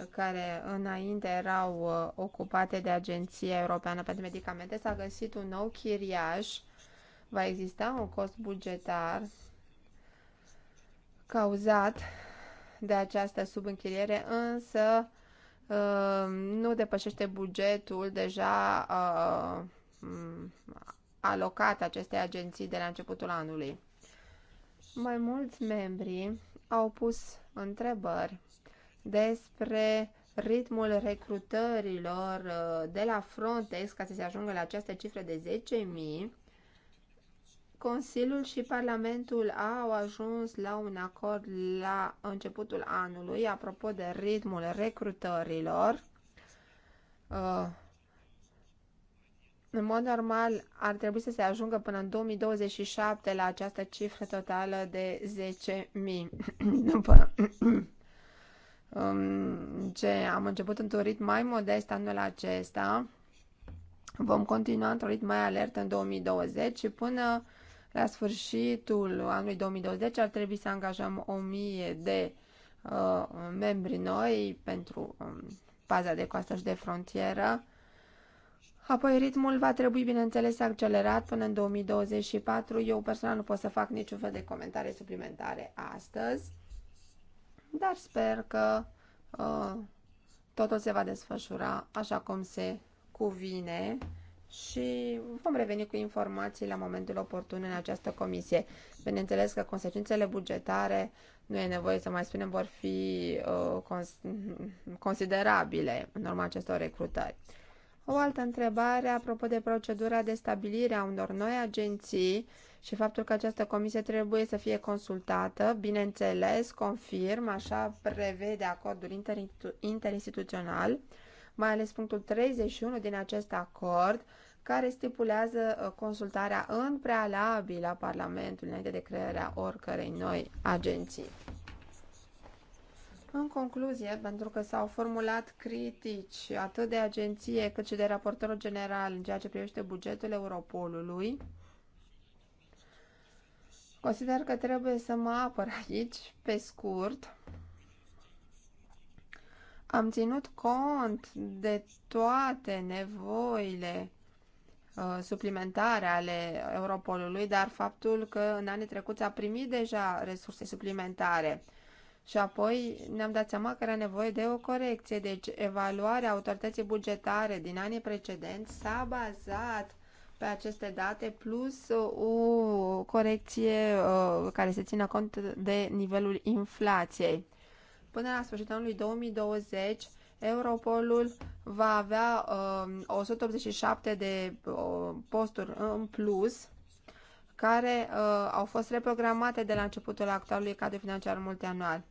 care înainte erau uh, ocupate de Agenția Europeană pentru Medicamente, s-a găsit un nou chiriaș. Va exista un cost bugetar cauzat de această subînchiriere, însă uh, nu depășește bugetul deja uh, mm, alocat acestei agenții de la începutul anului. Mai mulți membri au pus întrebări despre ritmul recrutărilor uh, de la Frontex ca să se ajungă la această cifră de 10.000, Consiliul și Parlamentul au ajuns la un acord la începutul anului apropo de ritmul recrutărilor. Uh, în mod normal ar trebui să se ajungă până în 2027 la această cifră totală de 10.000. <clears throat> După ce am început într-un ritm mai modest anul acesta. Vom continua într-un ritm mai alert în 2020 și până la sfârșitul anului 2020 ar trebui să angajăm 1000 de uh, membri noi pentru um, paza de coastă și de frontieră. Apoi ritmul va trebui, bineînțeles, accelerat până în 2024. Eu personal nu pot să fac niciun fel de comentarii suplimentare astăzi dar sper că uh, totul se va desfășura așa cum se cuvine și vom reveni cu informații la momentul oportun în această comisie. Bineînțeles că consecințele bugetare, nu e nevoie să mai spunem, vor fi uh, cons considerabile în urma acestor recrutări. O altă întrebare apropo de procedura de stabilire a unor noi agenții și faptul că această comisie trebuie să fie consultată, bineînțeles, confirm, așa prevede acordul interinstituțional, mai ales punctul 31 din acest acord, care stipulează uh, consultarea în prealabil a Parlamentului înainte de crearea oricărei noi agenții. În concluzie, pentru că s-au formulat critici atât de agenție cât și de raportorul general în ceea ce privește bugetul Europolului, Consider că trebuie să mă apăr aici, pe scurt. Am ținut cont de toate nevoile uh, suplimentare ale Europolului, dar faptul că în anii trecuți a primit deja resurse suplimentare și apoi ne-am dat seama că era nevoie de o corecție. Deci evaluarea autorității bugetare din anii precedenți s-a bazat pe aceste date, plus o corecție care se țină cont de nivelul inflației. Până la sfârșitul anului 2020, Europolul va avea 187 um, de posturi în plus care uh, au fost reprogramate de la începutul actualului cadru financiar multianual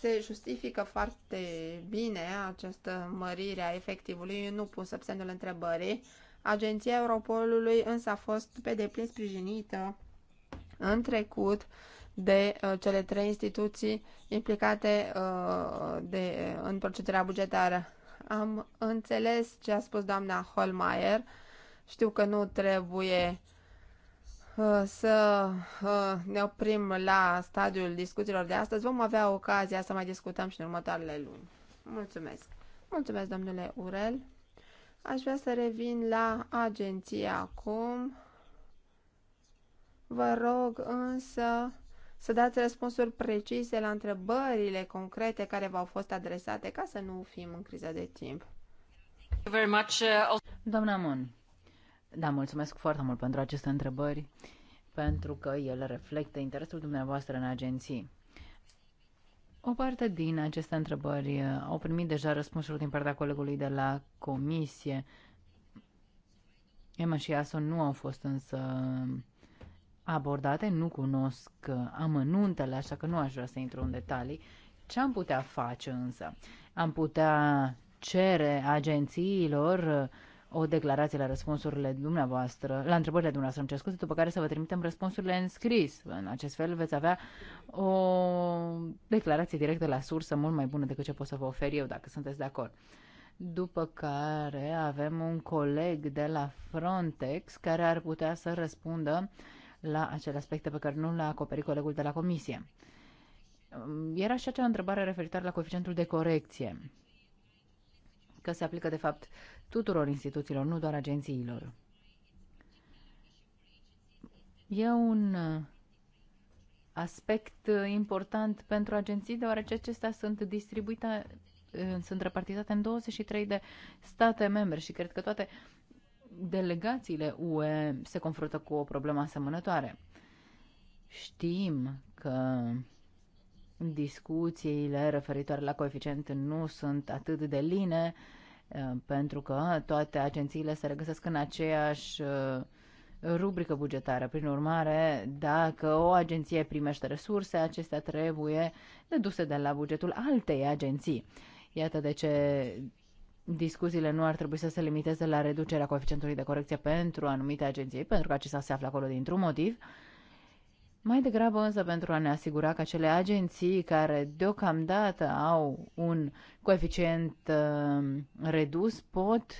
se justifică foarte bine această mărire a efectivului, eu nu pun sub semnul întrebării, Agenția Europolului însă a fost pe deplin sprijinită în trecut de uh, cele trei instituții implicate uh, de, uh, în procedura bugetară. Am înțeles ce a spus doamna Holmeier. Știu că nu trebuie uh, să uh, ne oprim la stadiul discuțiilor de astăzi. Vom avea ocazia să mai discutăm și în următoarele luni. Mulțumesc! Mulțumesc, domnule Urel! Aș vrea să revin la agenție acum. Vă rog însă să dați răspunsuri precise la întrebările concrete care v-au fost adresate ca să nu fim în criză de timp. Uh, Doamna Mon, da, mulțumesc foarte mult pentru aceste întrebări, pentru că ele reflectă interesul dumneavoastră în agenții. O parte din aceste întrebări uh, au primit deja răspunsul din partea colegului de la comisie. Emma și Aso nu au fost însă abordate, nu cunosc uh, amănuntele, așa că nu aș vrea să intru în detalii. Ce am putea face însă? Am putea cere agențiilor uh, o declarație la răspunsurile dumneavoastră, la întrebările dumneavoastră, îmi cer scuze, după care să vă trimitem răspunsurile în scris. În acest fel veți avea o declarație directă la sursă mult mai bună decât ce pot să vă ofer eu, dacă sunteți de acord. După care avem un coleg de la Frontex care ar putea să răspundă la acele aspecte pe care nu le-a acoperit colegul de la comisie. Era și acea întrebare referitoare la coeficientul de corecție, că se aplică de fapt tuturor instituțiilor, nu doar agențiilor. E un uh, aspect uh, important pentru agenții, deoarece acestea sunt distribuite, uh, sunt repartizate în 23 de state membre și cred că toate delegațiile UE se confruntă cu o problemă asemănătoare. Știm că discuțiile referitoare la coeficient nu sunt atât de line, Ehm, pentru că toate agențiile se regăsesc în aceeași eh, rubrică bugetară. Prin urmare, dacă o agenție primește resurse, acestea trebuie deduse de la bugetul altei agenții. Iată de ce discuțiile nu ar trebui să se limiteze la reducerea coeficientului de corecție pentru anumite agenții, pentru că acesta se află acolo dintr-un motiv, mai degrabă însă pentru a ne asigura că cele agenții care deocamdată au un coeficient uh, redus pot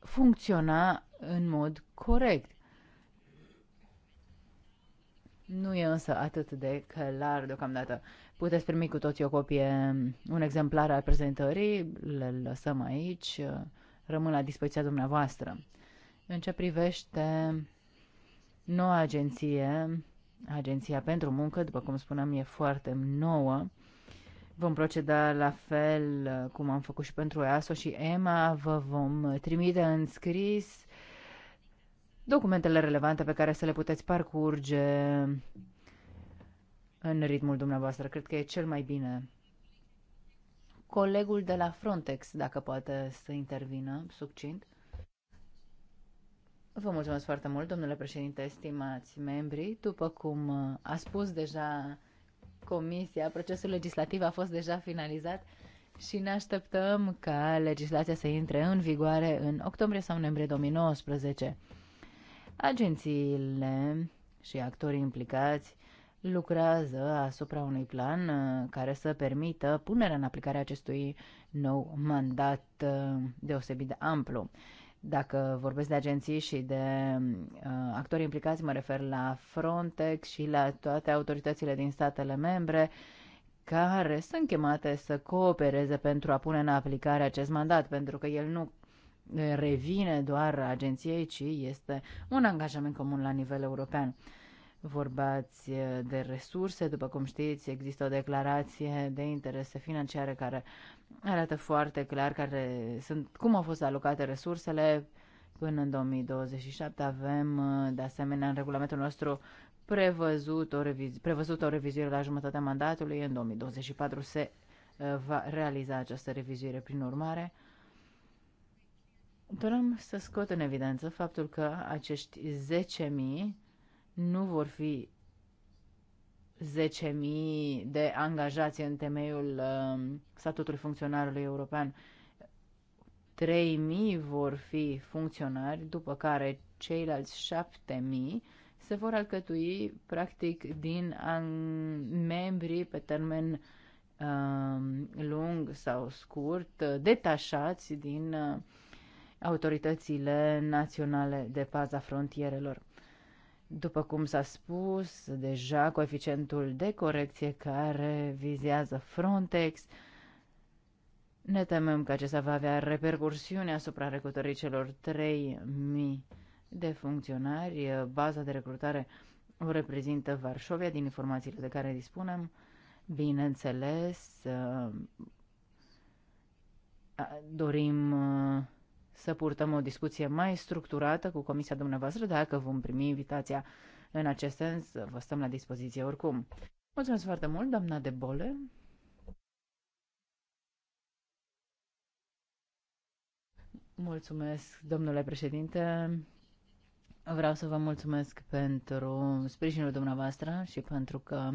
funcționa în mod corect. Nu e însă atât de clar deocamdată. Puteți primi cu toții o copie, um, un exemplar al prezentării, le lăsăm aici, uh, rămân la dispoziția dumneavoastră. În ce privește Noua agenție, Agenția pentru Muncă, după cum spuneam, e foarte nouă. Vom proceda la fel uh, cum am făcut și pentru EASO și EMA. Vă vom trimite în scris documentele relevante pe care să le puteți parcurge în ritmul dumneavoastră. Cred că e cel mai bine. Colegul de la Frontex, dacă poate să intervină, succint. Vă mulțumesc foarte mult, domnule președinte, estimați membri. După cum uh, a spus deja comisia, procesul legislativ a fost deja finalizat și ne așteptăm ca legislația să intre în vigoare în octombrie sau noiembrie 2019. Agențiile și actorii implicați lucrează asupra unui plan uh, care să permită punerea în aplicare acestui nou mandat uh, deosebit de amplu. Dacă vorbesc de agenții și de uh, actori implicați, mă refer la Frontex și la toate autoritățile din statele membre care sunt chemate să coopereze pentru a pune în aplicare acest mandat, pentru că el nu revine doar agenției, ci este un angajament comun la nivel european. Vorbați eh, de resurse, după cum știți, există o declarație de interese financiare care arată foarte clar care sunt, cum au fost alocate resursele până în 2027. Avem, eh, de asemenea, în regulamentul nostru prevăzut o, revizi, prevăzut o revizuire la jumătatea mandatului. În 2024 se eh, va realiza această revizuire. Prin urmare, dorăm să scot în evidență faptul că acești 10.000 nu vor fi 10.000 de angajați în temeiul uh, statutului funcționarului european. 3.000 vor fi funcționari, după care ceilalți 7.000 se vor alcătui practic din membrii pe termen uh, lung sau scurt, uh, detașați din uh, autoritățile naționale de paza frontierelor. După cum s-a spus, deja coeficientul de corecție care vizează Frontex, ne temem că acesta va avea repercursiuni asupra recrutării celor 3.000 de funcționari. Baza de recrutare o reprezintă Varșovia, din informațiile de care dispunem. Bineînțeles, dorim să purtăm o discuție mai structurată cu comisia dumneavoastră, dacă vom primi invitația în acest sens, vă stăm la dispoziție oricum. Mulțumesc foarte mult, doamna de Bole. Mulțumesc, domnule președinte. Vreau să vă mulțumesc pentru sprijinul dumneavoastră și pentru că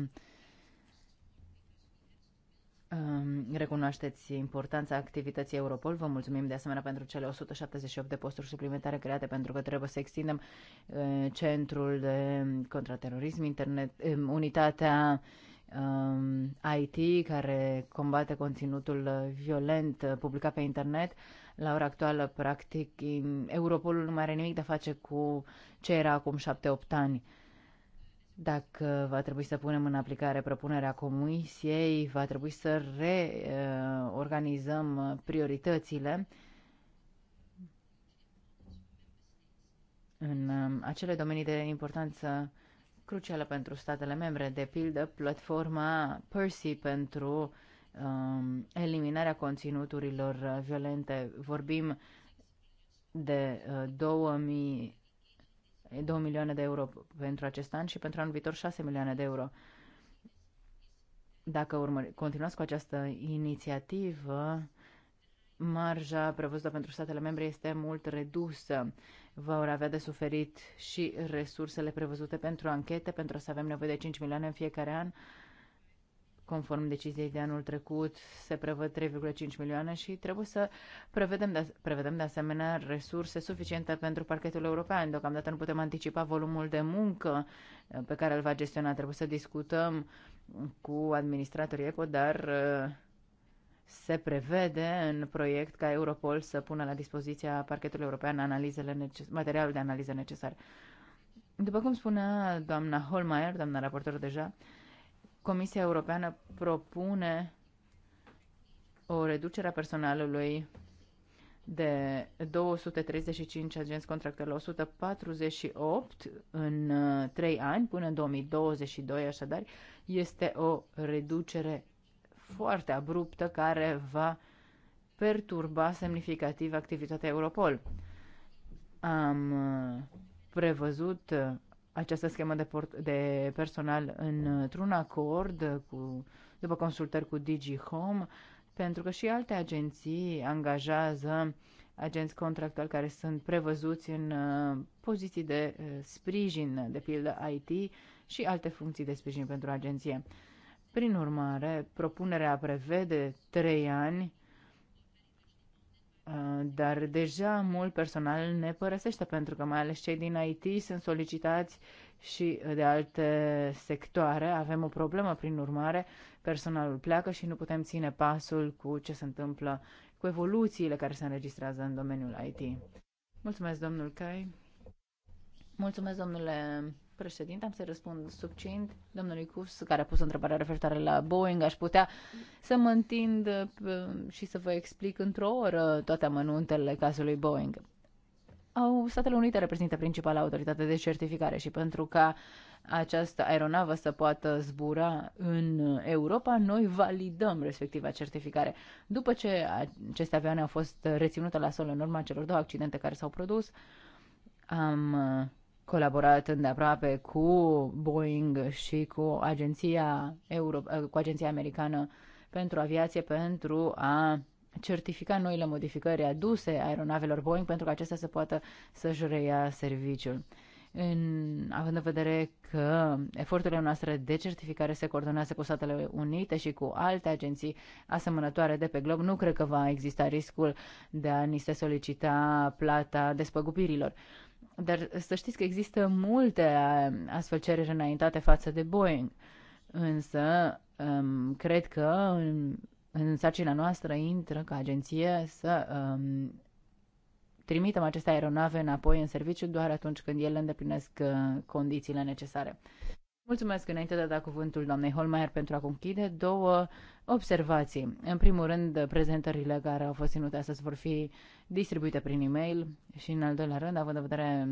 recunoașteți importanța activității Europol. Vă mulțumim de asemenea pentru cele 178 de posturi suplimentare create pentru că trebuie să extindem centrul de contraterorism, internet, unitatea IT care combate conținutul violent publicat pe internet. La ora actuală, practic, Europolul nu mai are nimic de a face cu ce era acum 7-8 ani. Dacă va trebui să punem în aplicare propunerea comisiei, va trebui să reorganizăm prioritățile în um, acele domenii de importanță crucială pentru statele membre, de pildă platforma Percy pentru um, eliminarea conținuturilor violente. Vorbim de uh, 2000 2 milioane de euro pentru acest an și pentru anul viitor 6 milioane de euro. Dacă urmări, continuați cu această inițiativă, marja prevăzută pentru statele membre este mult redusă. Vor avea de suferit și resursele prevăzute pentru anchete, pentru a să avem nevoie de 5 milioane în fiecare an. Uh, Conform deciziei de anul trecut, se prevăd 3,5 milioane și trebuie să prevedem de, prevedem de asemenea resurse suficiente pentru parchetul european. Deocamdată nu putem anticipa volumul de muncă uh, pe care îl va gestiona. Trebuie să discutăm cu administratorii ECO, dar uh, se prevede în proiect ca Europol să pună la dispoziția parchetului european analizele neces- materialul de analiză necesar. După cum spunea doamna Holmeier, doamna raportor deja, uh, Comisia Europeană propune o reducere a personalului de 235 agenți contractori la 148 în 3 uh, ani până în 2022, așadar este o reducere foarte abruptă care va perturba semnificativ activitatea Europol. Am uh, prevăzut uh, această schemă de, port- de personal într-un acord cu, după consultări cu DigiHome, Home, pentru că și alte agenții angajează agenți contractuali care sunt prevăzuți în uh, poziții de uh, sprijin, de pildă IT și alte funcții de sprijin pentru agenție. Prin urmare, propunerea prevede trei ani Uh, dar deja mult personal ne părăsește pentru că mai ales cei din IT sunt solicitați și de alte sectoare. Avem o problemă, prin urmare, personalul pleacă și nu putem ține pasul cu ce se întâmplă, cu evoluțiile care se înregistrează în domeniul IT. Mulțumesc, domnul Cai. Mulțumesc, domnule președinte, am să răspund succint domnului Cus, care a pus o întrebare referitoare la Boeing. Aș putea să mă întind uh, și să vă explic într-o oră toate amănuntele cazului Boeing. Au, Statele Unite reprezintă principala autoritate de certificare și pentru ca această aeronavă să poată zbura în Europa, noi validăm respectiva certificare. După ce aceste avioane au fost reținute la sol în urma celor două accidente care s-au produs, am uh, colaborat îndeaproape cu Boeing și cu agenția, Euro- cu agenția americană pentru aviație pentru a certifica noile modificări aduse aeronavelor Boeing pentru că acestea să poată să-și reia serviciul. În, având în vedere că eforturile noastre de certificare se coordonează cu Statele Unite și cu alte agenții asemănătoare de pe glob, nu cred că va exista riscul de a ni se solicita plata despăgubirilor. Uh, dar să știți că există multe eh, astfel cereri înaintate față de Boeing. Însă, um, cred că în, în sarcina noastră intră ca agenție să um, trimitem aceste aeronave înapoi în serviciu doar atunci când ele îndeplinesc eh, condițiile necesare. Mulțumesc înainte de a da cuvântul doamnei Holmeier pentru a conchide două observații. În primul rând, prezentările care au fost ținute astăzi vor fi distribuite prin e-mail și în al doilea rând, având în vedere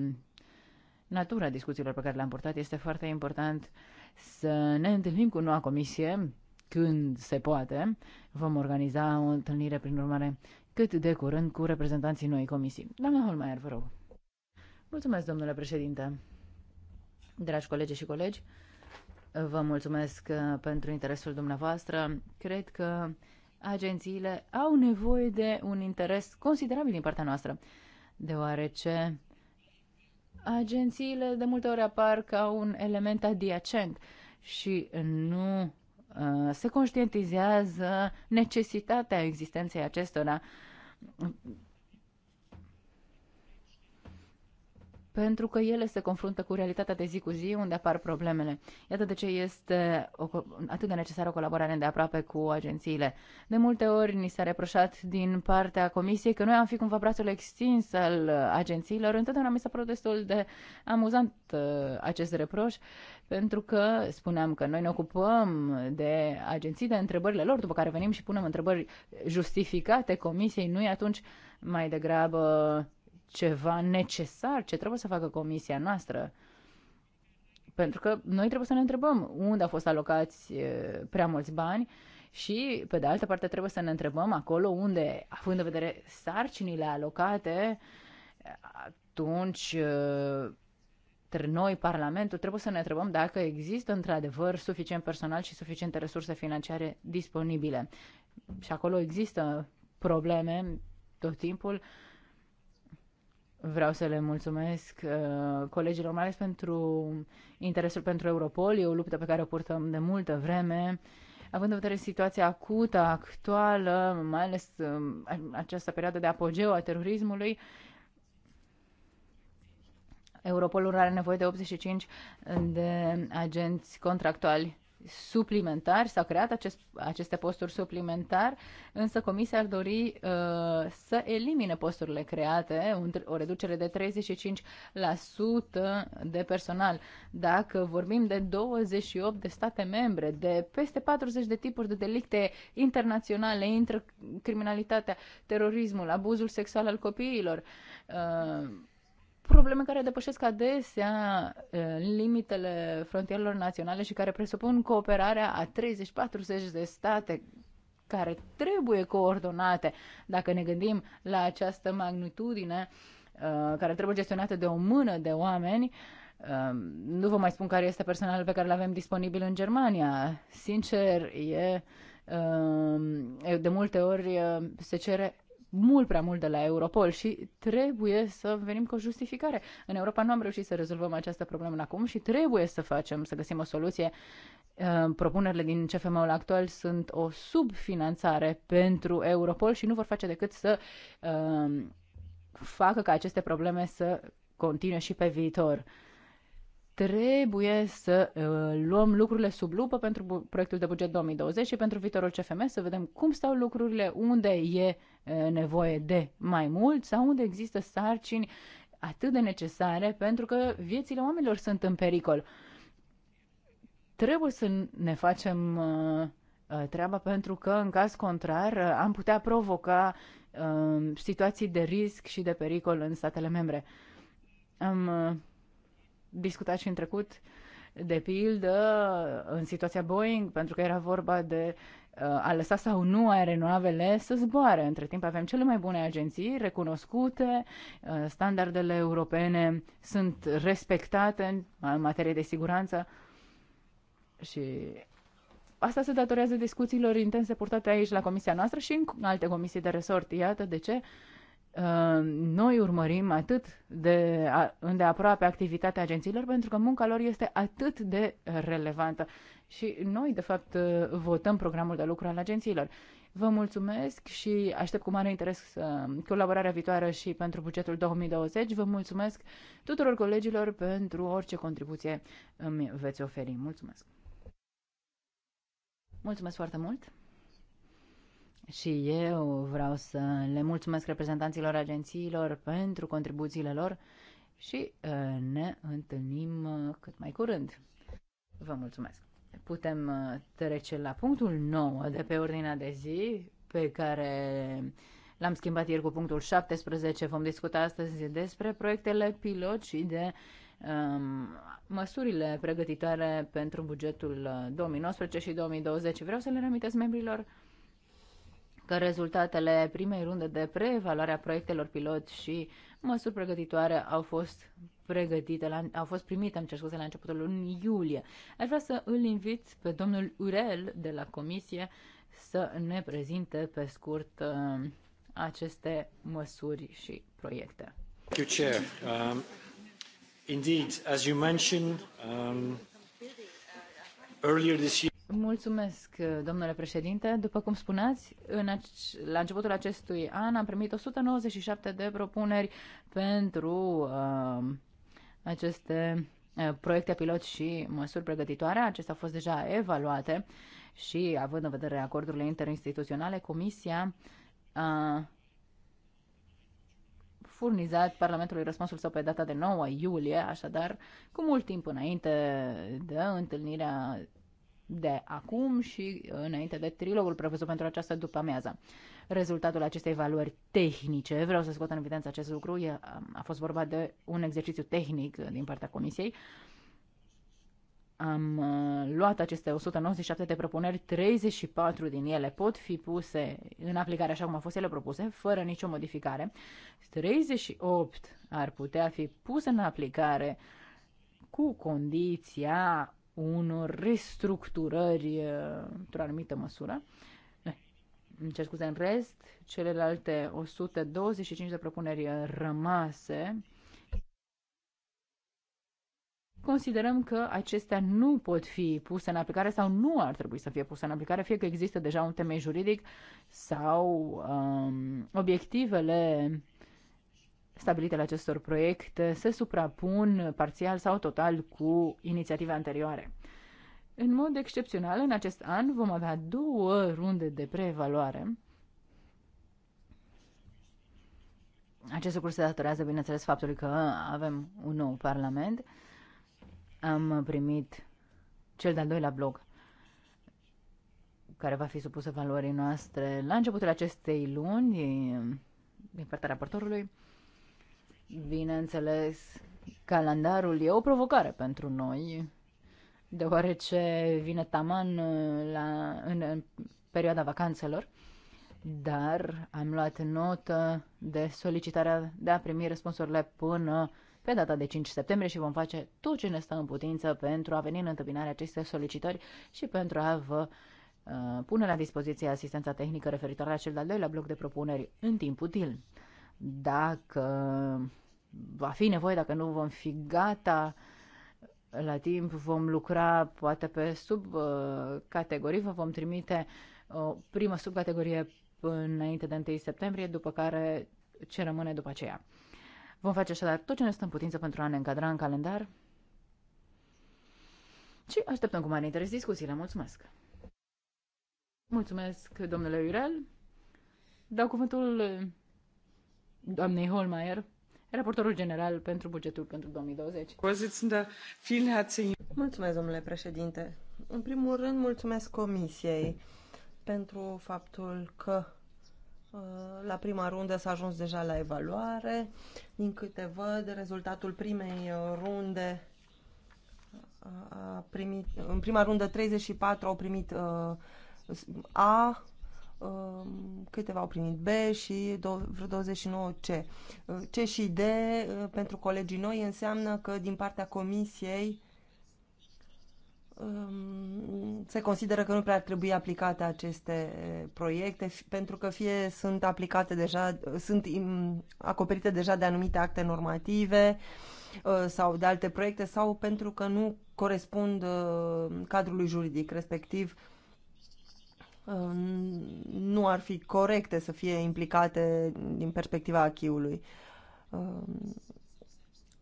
natura discuțiilor pe care le-am purtat, este foarte important să ne întâlnim cu noua comisie când se poate. Vom organiza o întâlnire, prin urmare, cât de curând cu reprezentanții noii comisii. Doamna Holmeier, vă rog. Mulțumesc, domnule președinte. Dragi colegi și colegi, Vă mulțumesc uh, pentru interesul dumneavoastră. Cred că agențiile au nevoie de un interes considerabil din partea noastră, deoarece agențiile de multe ori apar ca un element adiacent și nu uh, se conștientizează necesitatea existenței acestora pentru că ele se confruntă cu realitatea de zi cu zi unde apar problemele. Iată de ce este o, atât de necesară o colaborare de aproape cu agențiile. De multe ori ni s-a reproșat din partea comisiei că noi am fi cumva brațul extins al agențiilor. Întotdeauna mi s-a părut destul de amuzant uh, acest reproș, pentru că spuneam că noi ne ocupăm de agenții, de întrebările lor, după care venim și punem întrebări justificate comisiei, nu atunci mai degrabă ceva necesar ce trebuie să facă comisia noastră. Pentru că noi trebuie să ne întrebăm unde au fost alocați prea mulți bani și, pe de altă parte, trebuie să ne întrebăm acolo unde, având în vedere sarcinile alocate, atunci noi, Parlamentul, trebuie să ne întrebăm dacă există într-adevăr suficient personal și suficiente resurse financiare disponibile. Și acolo există probleme tot timpul. Uh, Vreau să le mulțumesc uh, colegilor, mai ales pentru interesul pentru Europol. E o luptă pe care o purtăm de multă vreme. Având în vedere situația acută, actuală, mai ales uh, această perioadă de apogeu a terorismului, Europolul are nevoie de 85 de agenți contractuali suplimentari, s-au creat acest, aceste posturi suplimentari, însă Comisia ar dori uh, să elimine posturile create, un, o reducere de 35% de personal. Dacă vorbim de 28 de state membre, de peste 40 de tipuri de delicte internaționale, intră criminalitatea, terorismul, abuzul sexual al copiilor, uh, probleme care depășesc adesea limitele frontierelor naționale și care presupun cooperarea a 30-40 de state care trebuie coordonate. Dacă ne gândim la această magnitudine care trebuie gestionată de o mână de oameni, nu vă mai spun care este personalul pe care îl avem disponibil în Germania. Sincer, e de multe ori se cere mult prea mult de la Europol și trebuie să venim cu o justificare. În Europa nu am reușit să rezolvăm această problemă acum și trebuie să facem, să găsim o soluție. Uh, propunerile din CFM-ul actual sunt o subfinanțare pentru Europol și nu vor face decât să uh, facă ca aceste probleme să continue și pe viitor trebuie să uh, luăm lucrurile sub lupă pentru proiectul de buget 2020 și pentru viitorul CFM, să vedem cum stau lucrurile, unde e nevoie de mai mult sau unde există sarcini atât de necesare pentru că viețile oamenilor sunt în pericol. Trebuie să ne facem treaba pentru că, în caz contrar, am putea provoca situații de risc și de pericol în statele membre. Am discutat și în trecut, de pildă, în situația Boeing, pentru că era vorba de Uh, a lăsat sau nu aeronavele să zboare. Între timp avem cele mai bune agenții recunoscute, uh, standardele europene sunt respectate uh, în materie de siguranță și asta se datorează discuțiilor intense purtate aici la comisia noastră și în alte comisii de resort. Iată de ce uh, Uh, noi urmărim atât de îndeaproape activitatea agențiilor pentru că munca lor este atât de relevantă și noi, de fapt, uh, votăm programul de lucru al agențiilor. Vă mulțumesc și aștept cu mare interes uh, colaborarea viitoare și pentru bugetul 2020. Vă mulțumesc tuturor colegilor pentru orice contribuție îmi veți oferi. Mulțumesc! Mulțumesc foarte mult! Și eu vreau să le mulțumesc reprezentanților agențiilor pentru contribuțiile lor și uh, ne întâlnim uh, cât mai curând. Vă mulțumesc! Putem uh, trece la punctul 9 de pe ordinea de zi pe care l-am schimbat ieri cu punctul 17. Vom discuta astăzi despre proiectele pilot și de um, măsurile pregătitoare pentru bugetul 2019 și 2020. Vreau să le remitesc membrilor că rezultatele primei runde de preevaluare a proiectelor pilot și măsuri pregătitoare au fost pregătite, la, au fost primite, am cer scuze, la începutul lunii iulie. Aș vrea să îl invit pe domnul Urel de la comisie să ne prezinte pe scurt uh, aceste măsuri și proiecte. Thank you, Chair. Um, indeed, as you mentioned, um, earlier this year... Mulțumesc, domnule președinte. După cum spuneați, în ac- la începutul acestui an am primit 197 de propuneri pentru uh, aceste uh, proiecte pilot și măsuri pregătitoare. Acestea au fost deja evaluate și, având în vedere acordurile interinstituționale, Comisia a furnizat Parlamentului răspunsul său pe data de 9 iulie, așadar cu mult timp înainte de întâlnirea de acum și înainte de trilogul prevăzut pentru această după amiază. Rezultatul acestei evaluări tehnice, vreau să scot în evidență acest lucru, e, a fost vorba de un exercițiu tehnic din partea Comisiei, am uh, luat aceste 197 de propuneri, 34 din ele pot fi puse în aplicare așa cum au fost ele propuse, fără nicio modificare. 38 ar putea fi puse în aplicare cu condiția unor restructurări uh, într-o anumită măsură. Îmi cer scuze, în rest, celelalte 125 de propuneri uh, rămase considerăm că acestea nu pot fi puse în aplicare sau nu ar trebui să fie puse în aplicare, fie că există deja un temei juridic sau um, obiectivele stabilitele acestor proiecte se suprapun parțial sau total cu inițiative anterioare. În mod excepțional, în acest an vom avea două runde de preevaluare. Acest lucru se datorează, bineînțeles, faptului că avem un nou parlament. Am primit cel de-al doilea blog care va fi supusă valorii noastre la începutul acestei luni din partea raportorului. Bineînțeles, calendarul e o provocare pentru noi, deoarece vine taman uh, la, în, în perioada vacanțelor, dar am luat notă de solicitarea de a primi răspunsurile până pe data de 5 septembrie și vom face tot ce ne stă în putință pentru a veni în întâmpinarea acestei solicitări și pentru a vă uh, pune la dispoziție asistența tehnică referitoare la cel de-al doilea bloc de propuneri în timp util dacă va fi nevoie, dacă nu vom fi gata la timp, vom lucra poate pe subcategorii, uh, vă vom trimite o primă subcategorie înainte de 1 septembrie, după care ce rămâne după aceea. Vom face așadar tot ce ne stă în putință pentru a ne încadra în calendar și așteptăm cu mare interes discuțiile. Mulțumesc! Mulțumesc, domnule Iurel. Dau cuvântul doamnei Holmeier, raportorul general pentru bugetul pentru 2020. Mulțumesc, domnule președinte. În primul rând, mulțumesc Comisiei pentru faptul că uh, la prima rundă s-a ajuns deja la evaluare. Din câte văd, rezultatul primei runde uh, a primit, în prima rundă 34 au primit uh, A, Um, câteva au primit B și vreo 29 C. Uh, C și D uh, pentru colegii noi înseamnă că din partea comisiei um, se consideră că nu prea ar trebui aplicate aceste uh, proiecte pentru că fie sunt aplicate deja, sunt acoperite deja de anumite acte normative sau de alte proiecte sau pentru că nu corespund cadrului juridic, respectiv nu ar fi corecte să fie implicate din perspectiva achiului.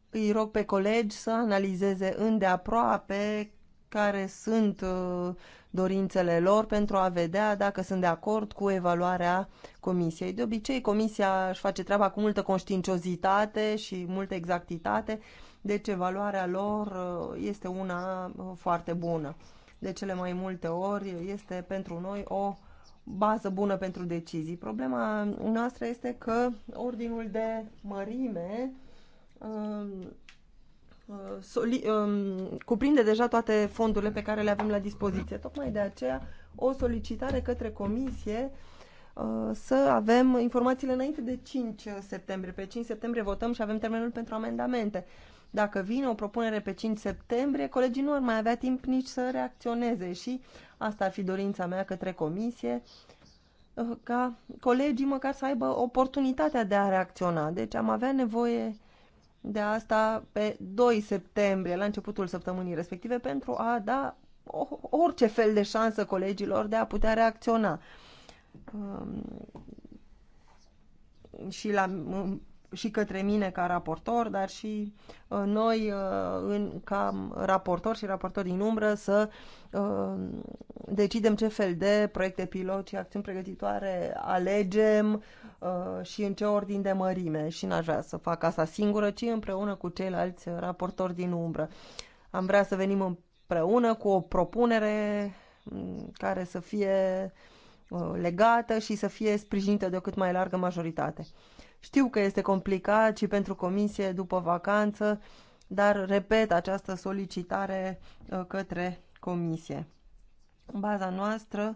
Îi rog pe colegi să analizeze îndeaproape care sunt uh, dorințele lor pentru a vedea dacă sunt de acord cu evaluarea comisiei. De obicei, comisia își face treaba cu multă conștiinciozitate și multă exactitate, deci evaluarea lor uh, este una uh, foarte bună de cele mai multe ori este pentru noi o bază bună pentru decizii. Problema noastră este că ordinul de mărime um, soli, um, cuprinde deja toate fondurile pe care le avem la dispoziție. Tocmai de aceea o solicitare către comisie uh, să avem informațiile înainte de 5 septembrie. Pe 5 septembrie votăm și avem termenul pentru amendamente. Dacă vine o propunere pe 5 septembrie, colegii nu ar mai avea timp nici să reacționeze și asta ar fi dorința mea către comisie, uh, ca colegii măcar să aibă oportunitatea de a reacționa. Deci am avea nevoie de asta pe 2 septembrie, la începutul săptămânii respective, pentru a da orice fel de șansă colegilor de a putea reacționa. Um, și la și către mine ca raportor, dar și uh, noi uh, în, ca raportor și raportor din umbră să uh, decidem ce fel de proiecte pilot și acțiuni pregătitoare alegem și în ce ordin de mărime. Și n-aș vrea să fac asta singură, ci împreună cu ceilalți raportori din umbră. Am vrea să venim împreună cu o propunere mm, care să fie legată și să fie sprijinită de o cât mai largă majoritate. Știu că este complicat și pentru comisie după vacanță, dar repet această solicitare uh, către comisie. Baza noastră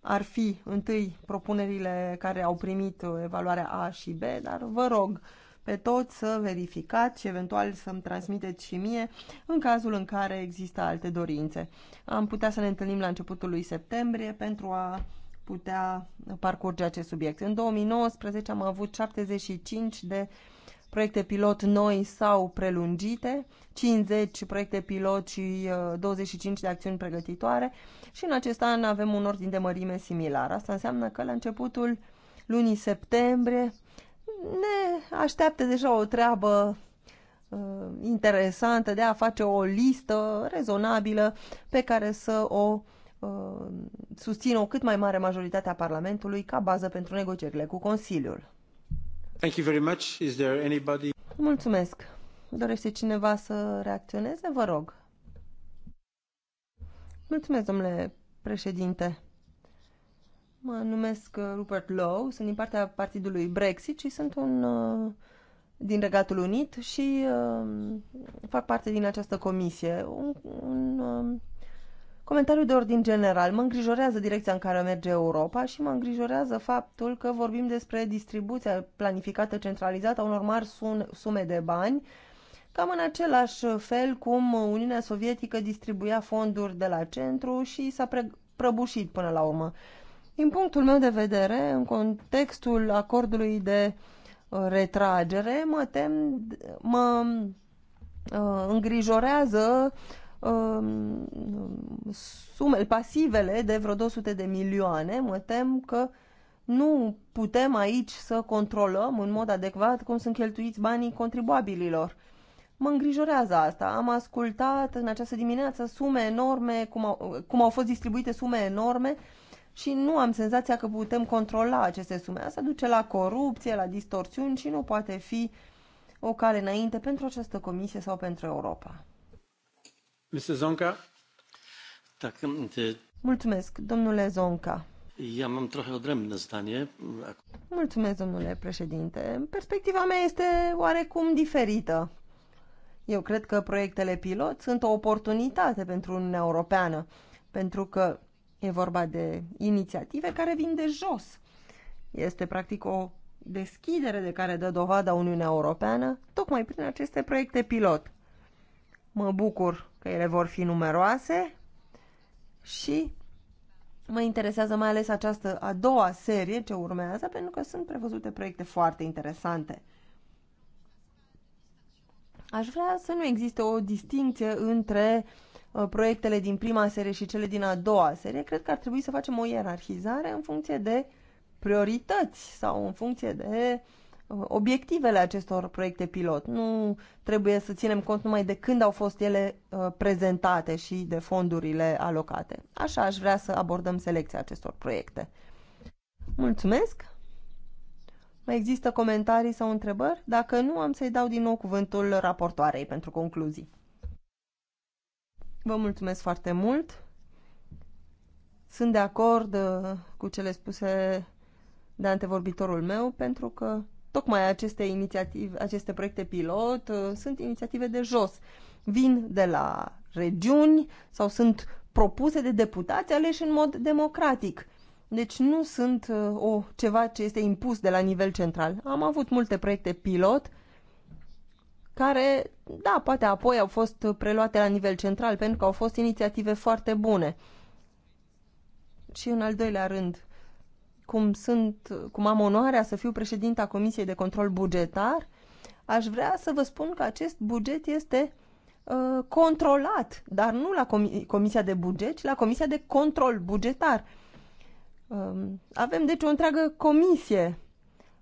ar fi întâi propunerile care au primit uh, evaluarea A și B, dar vă rog pe toți să verificați și eventual să-mi transmiteți și mie în cazul în care există alte dorințe. Am putea să ne întâlnim la începutul lui septembrie pentru a putea parcurge acest subiect. În 2019 am avut 75 de proiecte pilot noi sau prelungite, 50 proiecte pilot și 25 uh, de acțiuni pregătitoare și în acest an avem un ordin de mărime similar. Asta înseamnă că la începutul lunii septembrie ne așteaptă deja o treabă uh, interesantă de a face o listă rezonabilă pe care să o uh, uh, susțină o cât mai mare majoritate a Parlamentului ca bază pentru negocierile cu Consiliul. Thank you very much. Is there anybody... Mulțumesc. Dorește cineva să reacționeze? Vă rog. Mulțumesc, domnule președinte. Mă numesc uh, Rupert Lowe, sunt din partea partidului Brexit și sunt un uh, din Regatul Unit și uh, fac parte din această comisie. Un, un, uh, Comentariul de ordin general. Mă îngrijorează direcția în care merge Europa și mă îngrijorează faptul că vorbim despre distribuția planificată centralizată a unor mari sume de bani, cam în același fel cum Uniunea Sovietică distribuia fonduri de la centru și s-a prăbușit până la urmă. Din punctul meu de vedere, în contextul acordului de uh, retragere, mă tem, mă uh, îngrijorează Um, sumele, pasivele de vreo 200 de milioane, mă tem că nu putem aici să controlăm în mod adecvat cum sunt cheltuiți banii contribuabililor. Mă îngrijorează asta. Am ascultat în această dimineață sume enorme, cum au, cum au fost distribuite sume enorme și nu am senzația că putem controla aceste sume. Asta duce la corupție, la distorsiuni și nu poate fi o cale înainte pentru această comisie sau pentru Europa domnule Zonca. Mulțumesc, domnule președinte. Perspectiva mea este oarecum diferită. Eu cred că proiectele pilot sunt o oportunitate pentru Uniunea Europeană, pentru că e vorba de inițiative care vin de jos. Este practic o deschidere de care dă dovada Uniunea Europeană, tocmai prin aceste proiecte pilot. Mă bucur că ele vor fi numeroase și mă interesează mai ales această a doua serie ce urmează, pentru că sunt prevăzute proiecte foarte interesante. Aș vrea să nu existe o distinție între uh, proiectele din prima serie și cele din a doua serie. Cred că ar trebui să facem o ierarhizare în funcție de priorități sau în funcție de uh, Uh, obiectivele acestor proiecte pilot. Nu trebuie să ținem cont numai de când au fost ele uh, prezentate și de fondurile alocate. Așa aș vrea să abordăm selecția acestor proiecte. Mulțumesc! Mai există comentarii sau întrebări? Dacă nu, am să-i dau din nou cuvântul raportoarei pentru concluzii. Vă mulțumesc foarte mult! Sunt de acord uh, cu cele spuse de antevorbitorul meu pentru că Tocmai aceste inițiative, aceste proiecte pilot uh, sunt inițiative de jos. Vin de la regiuni sau sunt propuse de deputați aleși în mod democratic. Deci nu sunt uh, o, ceva ce este impus de la nivel central. Am avut multe proiecte pilot care, da, poate apoi au fost preluate la nivel central pentru că au fost inițiative foarte bune. Și în al doilea rând, cum, sunt, cum am onoarea să fiu președinta Comisiei de Control Bugetar, aș vrea să vă spun că acest buget este uh, controlat, dar nu la com- Comisia de Buget, ci la Comisia de Control Bugetar. Uh, avem deci o întreagă comisie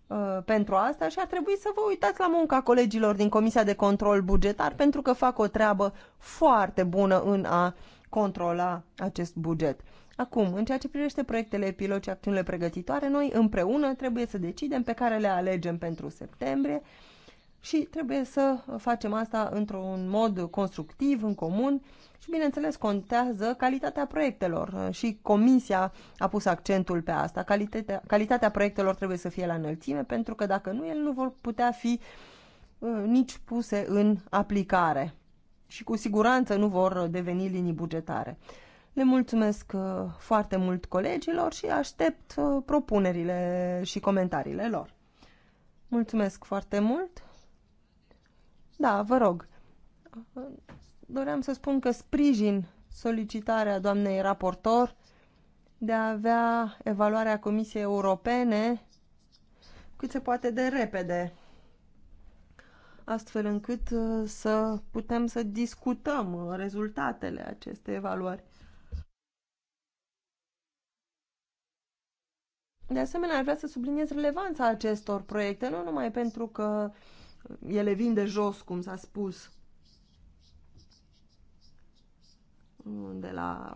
uh, pentru asta și ar trebui să vă uitați la munca colegilor din Comisia de Control Bugetar pentru că fac o treabă foarte bună în a controla acest buget. Acum, în ceea ce privește proiectele pilot și acțiunile pregătitoare, noi împreună trebuie să decidem pe care le alegem pentru septembrie și trebuie să facem asta într-un mod constructiv, în comun și, bineînțeles, contează calitatea proiectelor și Comisia a pus accentul pe asta. Calitatea, calitatea proiectelor trebuie să fie la înălțime pentru că, dacă nu, ele nu vor putea fi uh, nici puse în aplicare și cu siguranță nu vor deveni linii bugetare. Le mulțumesc uh, foarte mult colegilor și aștept uh, propunerile și comentariile lor. Mulțumesc foarte mult. Da, vă rog. Doream să spun că sprijin solicitarea doamnei raportor de a avea evaluarea Comisiei Europene cât se poate de repede, astfel încât uh, să putem să discutăm rezultatele acestei evaluări. De asemenea, ar vrea să subliniez relevanța acestor proiecte, nu numai pentru că ele vin de jos, cum s-a spus, de la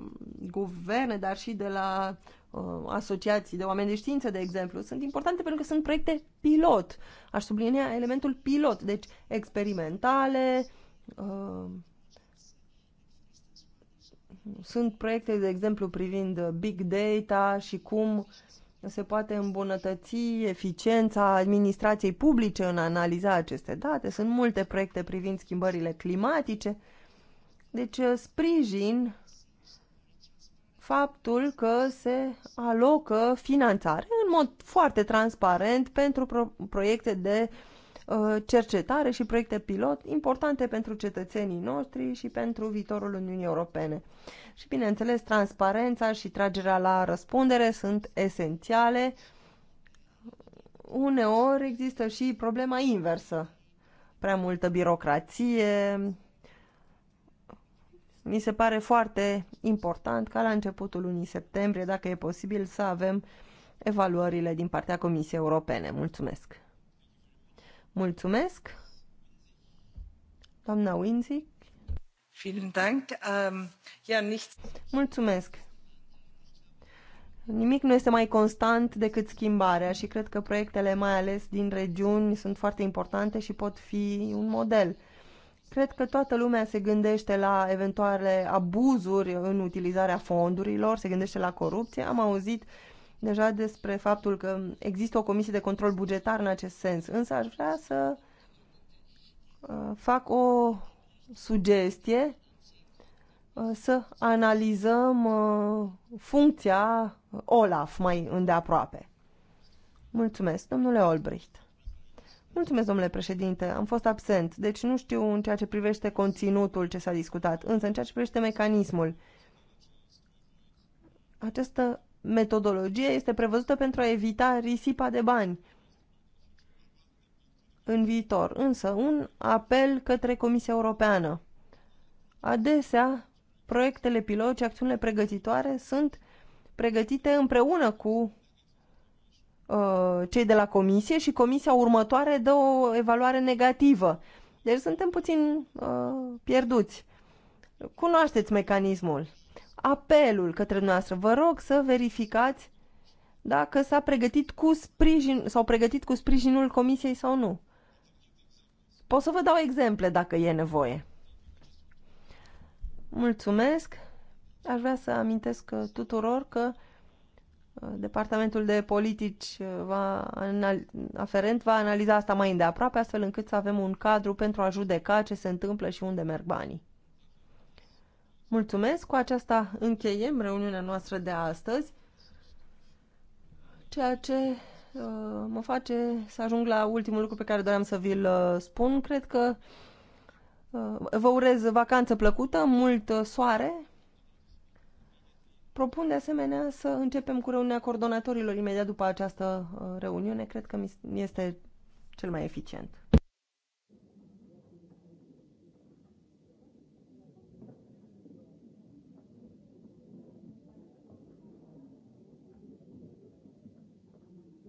guverne, dar și de la uh, asociații de oameni de știință, de exemplu, sunt importante pentru că sunt proiecte pilot. Aș sublinia elementul pilot, deci experimentale. Uh, sunt proiecte, de exemplu, privind big data și cum uh, se poate îmbunătăți eficiența administrației publice în a analiza aceste date. Sunt multe proiecte privind schimbările climatice. Deci uh, sprijin faptul că se alocă finanțare în mod foarte transparent pentru pro proiecte de uh, Uh, cercetare și proiecte pilot importante pentru cetățenii noștri și pentru viitorul Uniunii Europene. Și, bineînțeles, transparența și tragerea la răspundere sunt esențiale. Uneori există și problema inversă. Prea multă birocrație. Mi se pare foarte important ca la începutul lunii septembrie, dacă e posibil, să avem evaluările din partea Comisiei Europene. Mulțumesc! Mulțumesc. Doamna Winzic. Ähm, Mulțumesc. Nimic nu este mai constant decât schimbarea și cred că proiectele, mai ales din regiuni, sunt foarte importante și pot fi un model. Cred că toată lumea se gândește la eventuale abuzuri în utilizarea fondurilor, se gândește la corupție. Am auzit uh, deja despre faptul că există o comisie de control bugetar în acest sens, însă aș vrea să uh, fac o sugestie uh, să analizăm uh, funcția OLAF mai îndeaproape. Mulțumesc, domnule Olbricht. Mulțumesc, domnule președinte. Am fost absent, deci nu știu în ceea ce privește conținutul ce s-a discutat, însă în ceea ce privește mecanismul. Această metodologie este prevăzută pentru a evita risipa de bani în viitor. Însă, un apel către Comisia Europeană. Adesea, proiectele pilot și acțiunile pregătitoare sunt pregătite împreună cu uh, cei de la Comisie și Comisia următoare dă o evaluare negativă. Deci suntem puțin uh, pierduți. Cunoașteți mecanismul apelul către noastră. Vă rog să verificați dacă s-a pregătit cu sprijin, sau pregătit cu sprijinul comisiei sau nu. Pot să vă dau exemple dacă e nevoie. Mulțumesc. Aș vrea să amintesc tuturor că uh, Departamentul de Politici uh, va aferent va analiza asta mai îndeaproape, astfel încât să avem un cadru pentru a judeca ce se întâmplă și unde merg banii. Mulțumesc! Cu aceasta încheiem reuniunea noastră de astăzi, ceea ce uh, mă face să ajung la ultimul lucru pe care doream să vi-l uh, spun. Cred că uh, vă urez vacanță plăcută, mult uh, soare. Propun de asemenea să începem cu reuniunea coordonatorilor imediat după această uh, reuniune. Cred că mi este cel mai eficient.